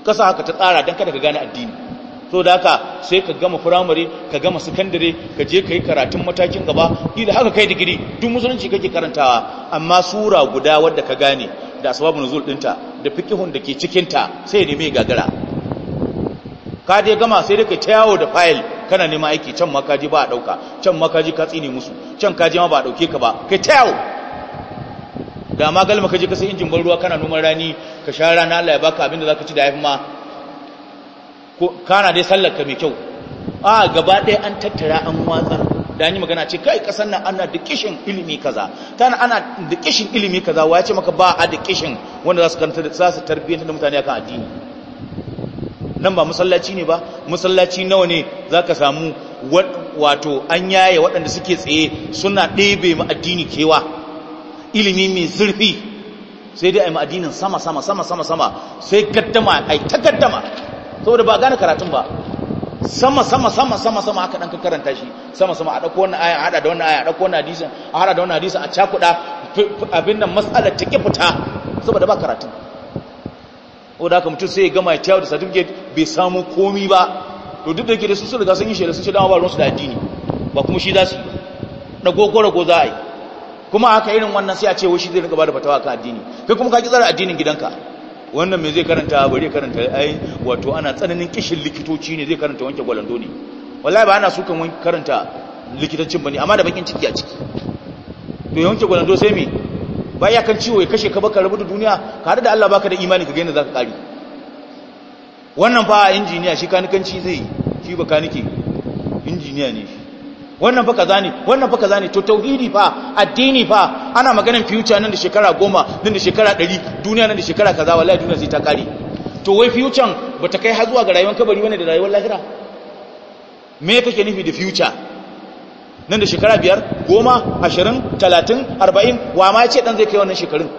kasa haka ta tsara don kada ka gane addini so da haka sai ka gama firamare ka gama sakandare ka je ka yi karatun matakin gaba ila haka kai digiri duk musulunci kake karantawa amma sura guda wadda ka gane da asbabun nuzul dinta da fikihun da ke cikinta sai ne mai gagara ka dai gama sai dai ka ta yawo da fayil kana nema aiki can ma kaji ba a dauka can ma kaji ka tsine musu can kaji ma ba a dauke ka ba kai ta da ma galma kaji ka sai injin ban ruwa kana noman rani ka sha rana Allah ya baka abin zaka ci da yafi ma kana dai sallarka mai kyau a gaba ɗaya an tattara an watsar da yi magana ce kai kasan nan ana da kishin ilimi kaza tana ana da kishin ilimi kaza wa ya ce maka ba a da kishin wanda za su karanta da su da mutane akan addini nan ba masallaci ne ba masallaci nawa ne za ka samu wato an yaye waɗanda suke tsaye suna ɗebe ma kewa ilimi mai zurfi sai dai a yi ma'adinin addinin sama sama sama sama sai gaddama a yi ta gaddama saboda ba gane karatun ba sama sama sama sama sama aka dan karanta shi sama sama a dauko wannan aya a hada da wannan aya a dauko wannan hadisin a hada da wannan hadisin a cakuda abin nan mas'alar take fita saboda ba karatun ko da haka mutum sai ya gama ya tawo da certificate bai samu komi ba to duk da yake da su sun riga sun yi da sun ce dama ba ruwan su da addini ba kuma shi za su yi na gogoro go za a yi kuma haka irin wannan sai a ce wai shi zai riga ba da fatawa kan addini kai kuma ka ki tsara addinin gidanka wannan mai zai karanta bari karanta ai wato ana tsananin kishin likitoci ne zai karanta wanke gwalando ne wallahi ba ana sukan karanta likitancin bane amma da bakin ciki a ciki to ya gwalando sai me ba ya kan ciwo ya kashe ka baka rabu da duniya ka da Allah baka da imani ka ga yadda zaka kare wannan fa injiniya shi kanikanci zai shi ba injiniya ne shi wannan fa kaza ne wannan fa kaza ne to tauhidi fa addini fa ana maganar future nan da shekara goma nan da shekara ɗari duniya nan da shekara kaza wallahi duniya zai ta kare to wai future ba ta kai har zuwa ga rayuwar kabari wani da rayuwar lahira me kake nufi da future nan da shekara biyar goma ashirin talatin arba'in wa ma ya ce ɗan zai kai wannan shekarun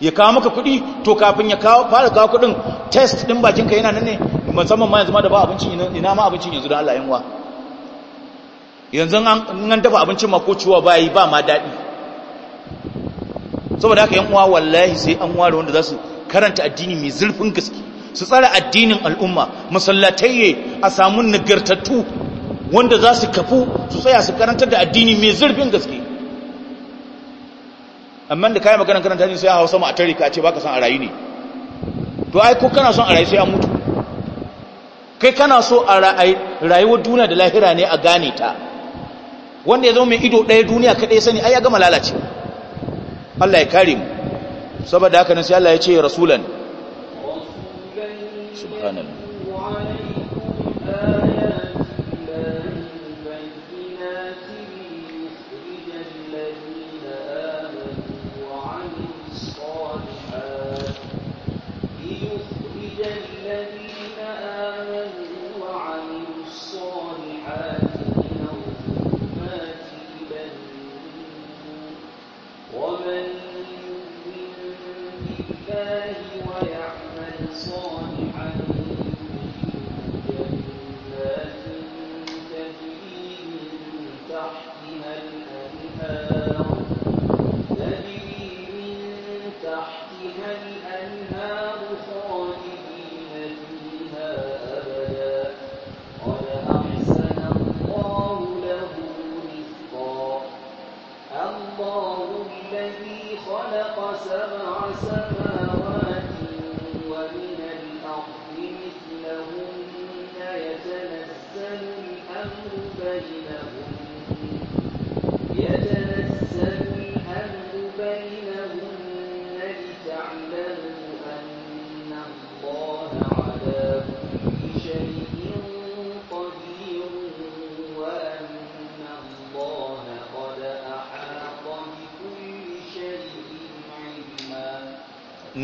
ya kawo maka kuɗi to kafin ya fara kawo kuɗin test ɗin ka yana nan ne musamman ma yanzu ma da ba abincin ina ma abincin yanzu da Allah yanwa yanzu an dafa abincin makocewa ba yi ba ma daɗi saboda haka yan uwa wallahi sai an ware wanda za su karanta addini mai zurfin gaske su tsara addinin al'umma masallatayye a samu nagartattu wanda za su kafu su tsaya su karanta da addini mai zurfin gaske amma da kayan maganar karanta ne sai a hausa ma a tare ka ce baka son a rayu ne to ai ko kana son a rayu sai an mutu kai kana so a rayuwar duniya da lahira ne a gane ta wanda ya zama mai ido ɗaya duniya kaɗai sani a ya gama lalace Allah ya kare mu saboda haka nan sai Allah ya ce rasulan subhanallah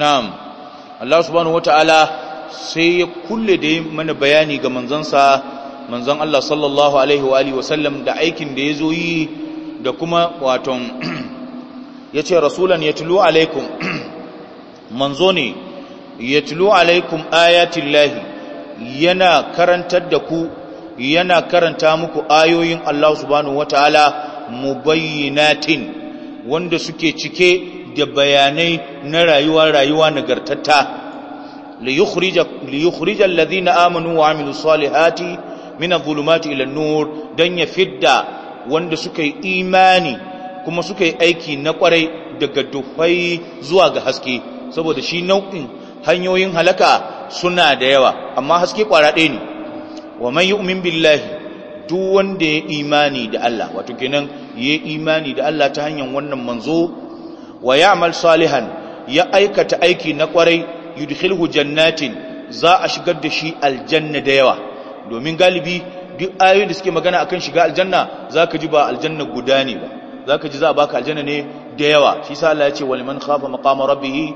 na'am Allah subhanahu wata'ala sai ya kulle da mana bayani ga manzansa Manzan Allah sallallahu alaihi wa alihi wasallam da aikin da yazo yi da kuma waton yace rasulan yatlu alaikum manzo ne yatlu alaikum ayatillahi yana karantar da ku yana karanta muku ayoyin Allah subhanahu wataala mubayyinatin wanda suke cike da bayanai na rayuwa rayuwa nagartatta li yukhrija alladhina amanu wa amilus salihati min adh-dhulumati ila an-nur dan ya wanda suka yi imani kuma suka yi aiki na kwarai daga dufai zuwa ga haske saboda shi nau'in hanyoyin halaka suna da yawa amma haske kwara ɗaya ne wa man yu'min billahi duk wanda ya imani da Allah wato kenan ya imani da Allah ta hanyar wannan manzo wa ya'mal salihan ya aikata aiki na kwarai yudkhilhu jannatin za a shigar da shi aljanna da yawa domin galibi duk ayoyin da suke magana akan shiga aljanna zaka ji ba aljanna guda ne ba zaka ji za a baka aljanna ne da yawa shi sa Allah ya ce wal man khafa maqama rabbih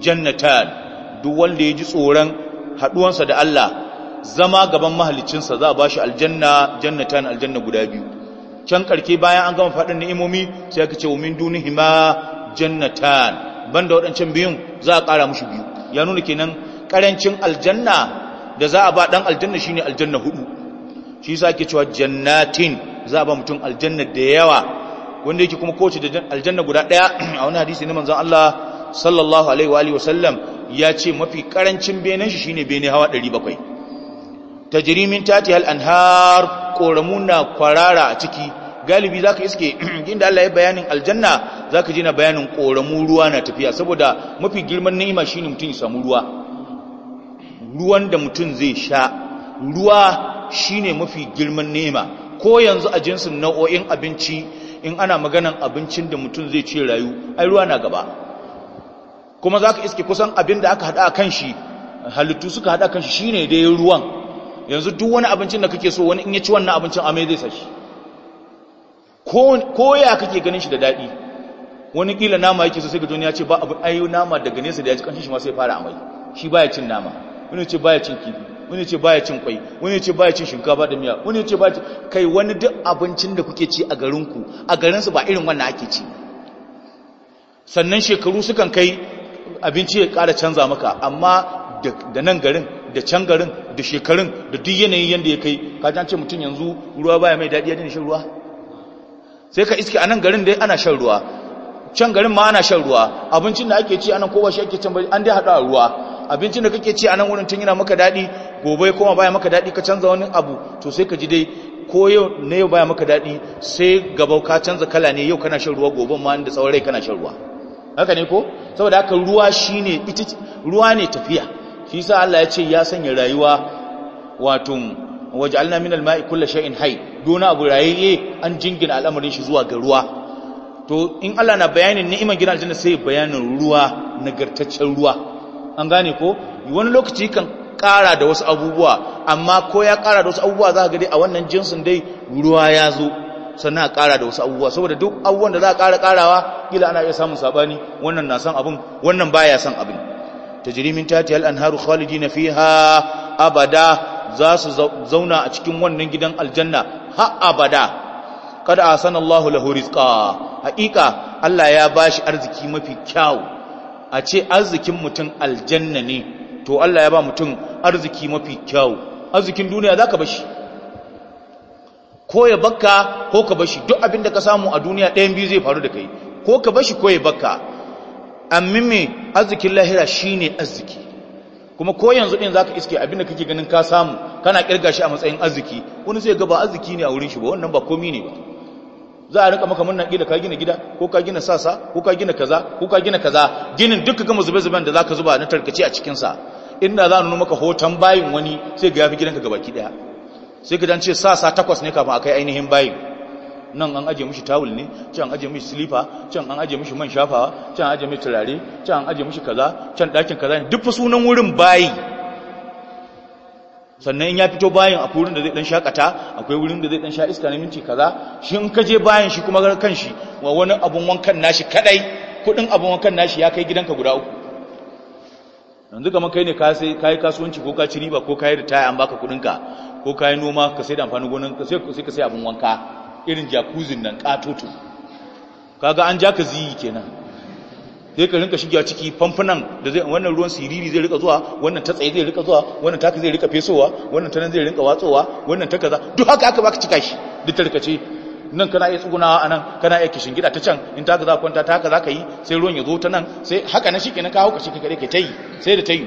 jannatan duk wanda ya ji tsoron haduwansa da Allah zama gaban mahaliccinsa za a bashi aljanna jannatan aljanna guda biyu can karke bayan an gama faɗin ni'imomi sai aka ce wa min dunihima jannatan banda waɗancan biyun za a kara mushi biyu ya nuna kenan karancin aljanna da za a ba dan aljanna shine aljanna hudu shi yasa ake cewa jannatin za a ba mutum aljanna da yawa wanda yake kuma kowace da aljanna guda ɗaya a wani hadisi na manzon Allah sallallahu alaihi wa alihi wasallam ya ce mafi karancin benen shi shine bene hawa 700 tajrimin tatihal anhar koramuna kwarara a ciki galibi zaka iske inda Allah ya bayanin aljanna zaka ji na bayanin koramu ruwa na tafiya saboda mafi girman ni'ima shine mutum ya samu ruwa ruwan da mutum zai sha ruwa shine mafi girman ni'ima ko yanzu a jinsin nau'o'in abinci in ana maganan abincin da mutum zai ci rayu ai ruwa na gaba kuma zaka iske kusan abin da aka hada kan shi halittu suka hada kan shi shine dai ruwan yanzu duk wani abincin da kake so wani in ya ci wannan abincin amai zai sashi ko ya kake ganin shi da dadi wani kila nama yake so sai ga ya ce ba abu ayo nama daga nesa da ya ci kanshi shi ma sai fara amai shi baya cin nama wani ce baya cin kifi wani ce baya cin kwai wani ce baya cin shinkafa da miya wani ce baya kai wani duk abincin da kuke ci a garin ku a garin su ba irin wannan ake ci sannan shekaru sukan kai abinci ya kara canza maka amma da nan garin da can garin da shekarun da duk yanayin yadda ya kai ka ce mutum yanzu ruwa baya mai daɗi ya dina shan ruwa sai ka iske anan garin dai ana shan ruwa can garin ma ana shan ruwa abincin da ake ci anan kowa shi ake can an dai hada ruwa abincin da kake ci anan wurin tun yana maka dadi gobe kuma baya maka dadi ka canza wani abu to sai ka ji dai ko yau na yau baya maka dadi sai gaba ka canza kala ne yau kana shan ruwa gobe ma da tsawon kana shan ruwa haka ne ko saboda haka ruwa shine ita ruwa ne tafiya shi sa Allah ya ce ya sanya rayuwa wato waj'alna min al-ma'i hai, shay'in hayy dona abu rayyi an jingina al'amarin shi zuwa ga ruwa to in Allah na bayanin ni'imar gidan aljanna sai bayanin ruwa nagartaccen ruwa an gane ko wani lokaci kan kara da wasu abubuwa amma ko ya kara da wasu abubuwa za ka ga a wannan jinsin dai ruwa ya zo sannan a kara da wasu abubuwa saboda duk abubuwan da za a kara karawa kila ana iya samun sabani wannan na san abin wannan baya san abin tajrimin tatiyal anharu khalidina fiha abada za su zauna a cikin wannan gidan aljanna ha abada kada a ahsanallahu lahu rizqa haƙiƙa Allah ya bashi arziki mafi kyau a ce arzikin mutum aljanna ne to Allah ya ba mutum arziki mafi kyau arzikin duniya zaka bashi ko ya bakka ko ka bashi duk abin da ka samu a duniya ɗayan biyu zai faru da kai ko ka bashi ko ya bakka amma me arzikin lahira shine arziki kuma ko yanzu din zaka iske abinda kake ganin ka samu kana kirga shi a matsayin arziki wani sai ga ba arziki ne a wurin shi ba wannan ba komi ne ba za a rika maka murna kila ka gina gida ko ka gina sasa ko ka gina kaza ko ka gina kaza ginin duka gama zube-zuben da zaka zuba na tarkace a cikin sa inda za nuna maka hoton bayin wani sai ga yafi gidanka gabaki daya sai ka dan ce sasa takwas ne kafin akai ainihin bayin nan an aje mishi tawul ne can an aje mishi silifa can an aje mishi man shafawa can an aje mishi turare can an aje mishi kaza can ɗakin kaza ne duk sunan wurin bayi sannan in ya fito bayin akwai wurin da zai dan shakata akwai wurin da zai dan sha iska ne minti kaza shi in ka je bayin shi kuma kan shi wa wani abun wankan nashi kadai kudin abun wankan nashi ya kai gidanka guda uku yanzu kamar kai ne ka sai kai kasuwanci ko ka ci riba ko kai ritaya an baka kudin ka ko kai noma ka sai da amfanin gonan ka sai ka sai abun wanka irin jakuzin nan katoto kaga an ja ka ziyi kenan sai ka rinka shigewa ciki famfunan da zai wannan ruwan siriri zai rika zuwa wannan ta tsaye zai rika zuwa wannan taka zai rika fesowa wannan tanan zai rika watsowa wannan ta kaza duk haka aka baka cika shi duk tarkace nan kana iya tsugunawa a nan kana iya kishin gida ta can in ta za kwanta ta kaza za ka yi sai ruwan ya zo ta nan sai haka na shi kenan ka hauka shi ka kare ka ta yi sai da ta yi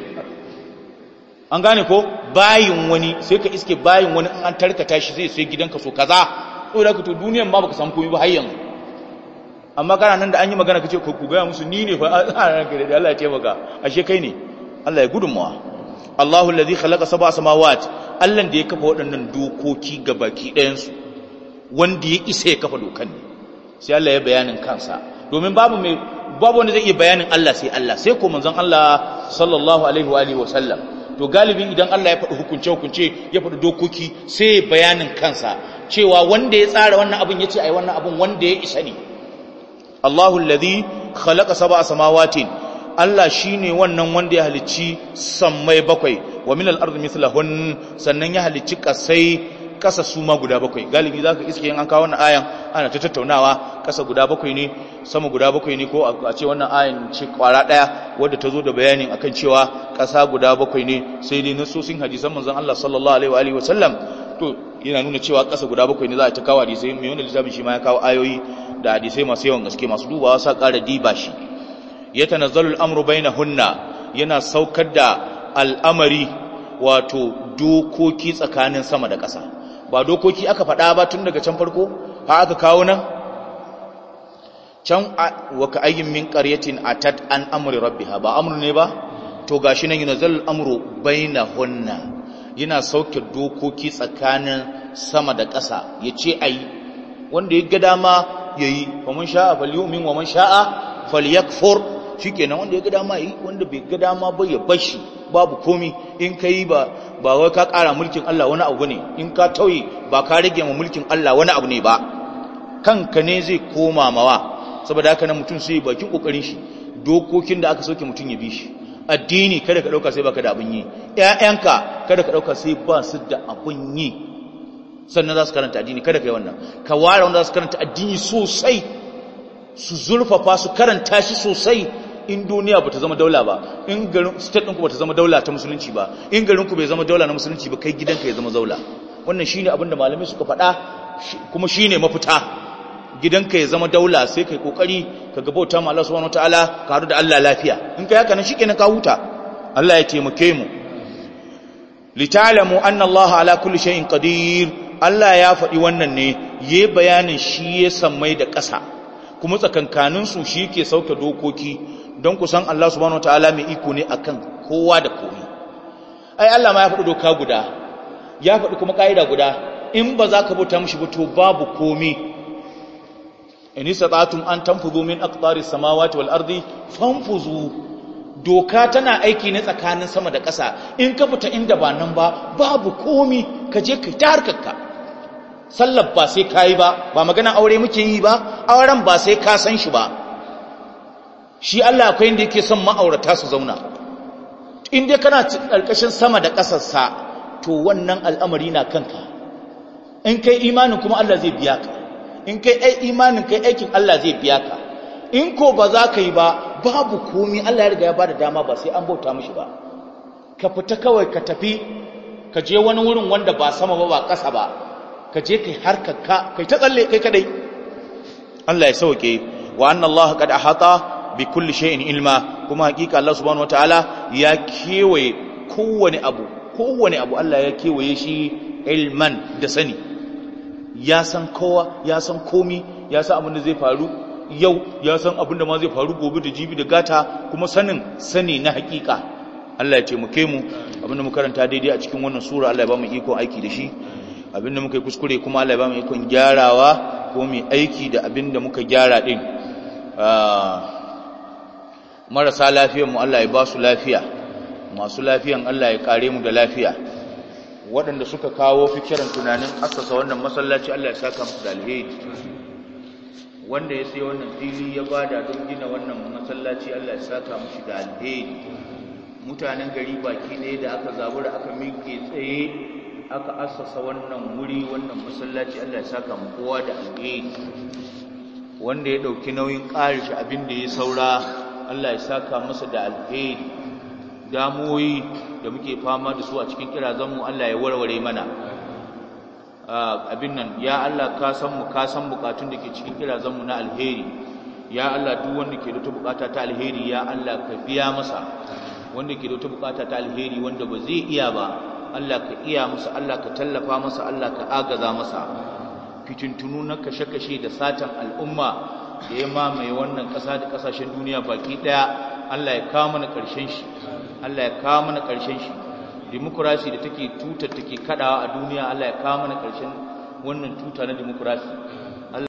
an gane ko bayin wani sai ka iske bayin wani an tarkata shi zai sai gidanka so kaza saboda ka to ma ba har yanzu amma kana nan da an yi magana kace ku gaya musu ni ne fa Allah ya taimaka ashe kai ne Allah ya Allahu alladhi khalaqa sab'a samawat Allah da ya kafa waɗannan dokoki ga baki ɗayan su wanda ya isa ya kafa dokan ne sai Allah ya bayanin kansa domin babu mai babu wanda zai iya bayanin Allah sai Allah sai ko manzon Allah sallallahu alaihi wa alihi wa sallam to galibi idan Allah ya faɗi hukunce hukunce ya faɗi dokoki sai bayanin kansa cewa wanda ya tsara wannan abin yace ai wannan abin wanda ya isa ne Allahu alladhi khalaqa sab'a samawatin Allah ne wannan wanda ya halicci sammai bakwai wa minal ardi mithlahun sannan ya halicci kasai ƙasa su ma guda bakwai galibi za ka iske yin an kawo wannan ayan ana ta tattaunawa ƙasa guda bakwai ne sama guda bakwai ne ko a ce wannan ayan ce kwara ɗaya wadda ta zo da bayanin akan cewa ƙasa guda bakwai ne sai dai nasosin hadisan manzon Allah sallallahu alaihi wa sallam to yana nuna cewa ƙasa guda bakwai ne za a ta kawo hadisai mai wanda littafin shi ma ya kawo ayoyi da hadisai masu yawan gaske masu dubawa sa ƙara diba shi ya tanazzalu al'amru bainahunna yana saukar da al'amari wato dokoki tsakanin sama da ƙasa ba dokoki aka faɗa ba tun daga can farko ha aka kawo nan can wa ka ayyin min qaryatin atat an amri rabbiha ba amru ne ba to gashi nan yunzal amru hunna yana sauke dokoki tsakanin sama da ƙasa yace yi. wanda ya ga dama yayi wa man sha'a falyu'min wa man sha'a falyakfur shikenan wanda ya ga dama yi wanda bai ga dama ba ya bashi babu komi in ka yi ba wai ka ƙara mulkin Allah wani abu ne in ka tauye ba ka rage ma mulkin Allah wani abu ne ba kanka ne zai koma mawa saboda haka nan mutum sai bakin kokarin shi dokokin da aka soke mutum ya bi shi addini kada ka dauka sai baka da abin yi ƴaƴanka kada ka dauka sai ba su da abin yi sannan za su karanta addini kada ka yi wannan ka ware wanda za su karanta addini sosai su zurfafa su karanta shi sosai in duniya bata zama daula ba in garin state ɗinku bata zama daula ta musulunci ba in ku bai zama daula na musulunci ba kai gidanka ya zama zaula wannan shine abin da malamai suka faɗa kuma shine mafita gidanka ya zama daula sai kai kokari ka bauta ma Allah subhanahu wataala ka haɗu da Allah lafiya in kai haka nan shikenan ka huta Allah ya taimake mu litalamu anna Allah ala kulli shay'in qadir Allah ya faɗi wannan ne Ye bayanin shi ya sammai da ƙasa kuma tsakankanin su shi ke sauke dokoki don ku san Allah subhanahu ta'ala mai iko ne akan kowa da komai ai Allah ma ya faɗi doka guda ya faɗi kuma ka'ida guda in ba za ka bauta mishi ba to babu komai in istata'tum an tanfuzu min aqtaris samawati wal ardi fanfuzu doka tana aiki ne tsakanin sama da ƙasa in ka fita inda ba nan ba babu komi ka je ka ta harkarka sallar ba sai kayi ba ba magana aure muke yi ba auren ba sai ka san shi ba shi Allah akwai inda yake son ma'aurata su zauna in dai kana ƙarƙashin sama da ƙasarsa to wannan al'amari na kanka in kai imanin kuma Allah zai biya ka in kai ai imanin kai aikin Allah zai biya ka in ko ba za ka yi ba babu komi Allah ya riga ya bada dama ba sai an bauta mishi ba ka fita kawai ka tafi ka je wani wurin wanda ba sama ba ba ƙasa ba ka je kai harkar ka kai ta tsalle kai kadai Allah ya sauke wa anna Allah qad ahata bi kulli shay'in ilma kuma hakika Allah subhanahu wataala ya kewaye kowane abu kowane abu Allah ya kewaye shi ilman da sani ya san kowa ya san komi ya san abin da zai faru yau ya san abin da ma zai faru gobe da jibi da gata kuma sanin sani na hakika Allah ya taimake mu abin da mu karanta daidai a cikin wannan sura Allah ya ba mu iko aiki da shi abin da muka yi kuskure kuma Allah ya ba mu ikon gyarawa ko mai aiki da abin da muka gyara din ah, marasa mu Allah ya ba su lafiya masu lafiyan Allah ya kare mu da lafiya waɗanda suka kawo fikiran tunanin asasa wannan masallaci Allah ya saka musu da alheri wanda ya sai wannan fili ya bada don gina wannan masallaci Allah ya saka musu da alheri mutanen gari baki ne da aka zabura aka miƙe tsaye aka asasa wannan wuri wannan masallaci Allah ya saka mu kowa da alheri wanda ya ɗauki nauyin ƙarishi abin da ya saura Allah ya saka masa da alheri Damoyi da muke fama da su a cikin kirazanmu Allah ya warware mana abin nan ya Allah ka san mu ka san bukatun da ke cikin kirazanmu na alheri ya Allah duk wanda ke da wata bukata ta alheri ya Allah ka biya masa wanda ke da wata bukata ta alheri wanda ba zai iya ba Allah ka iya masa Allah ka tallafa masa Allah ka agaza masa fitintunu na kashe-kashe da satan al'umma da ya mamaye wannan kasa da kasashen duniya baki ɗaya Allah ya kawo mana ƙarshen shi Allah ya kawo mana ƙarshen shi demokrasi da take tutar take kadawa a duniya Allah ya kawo mana ƙarshen wannan tuta na demokrasi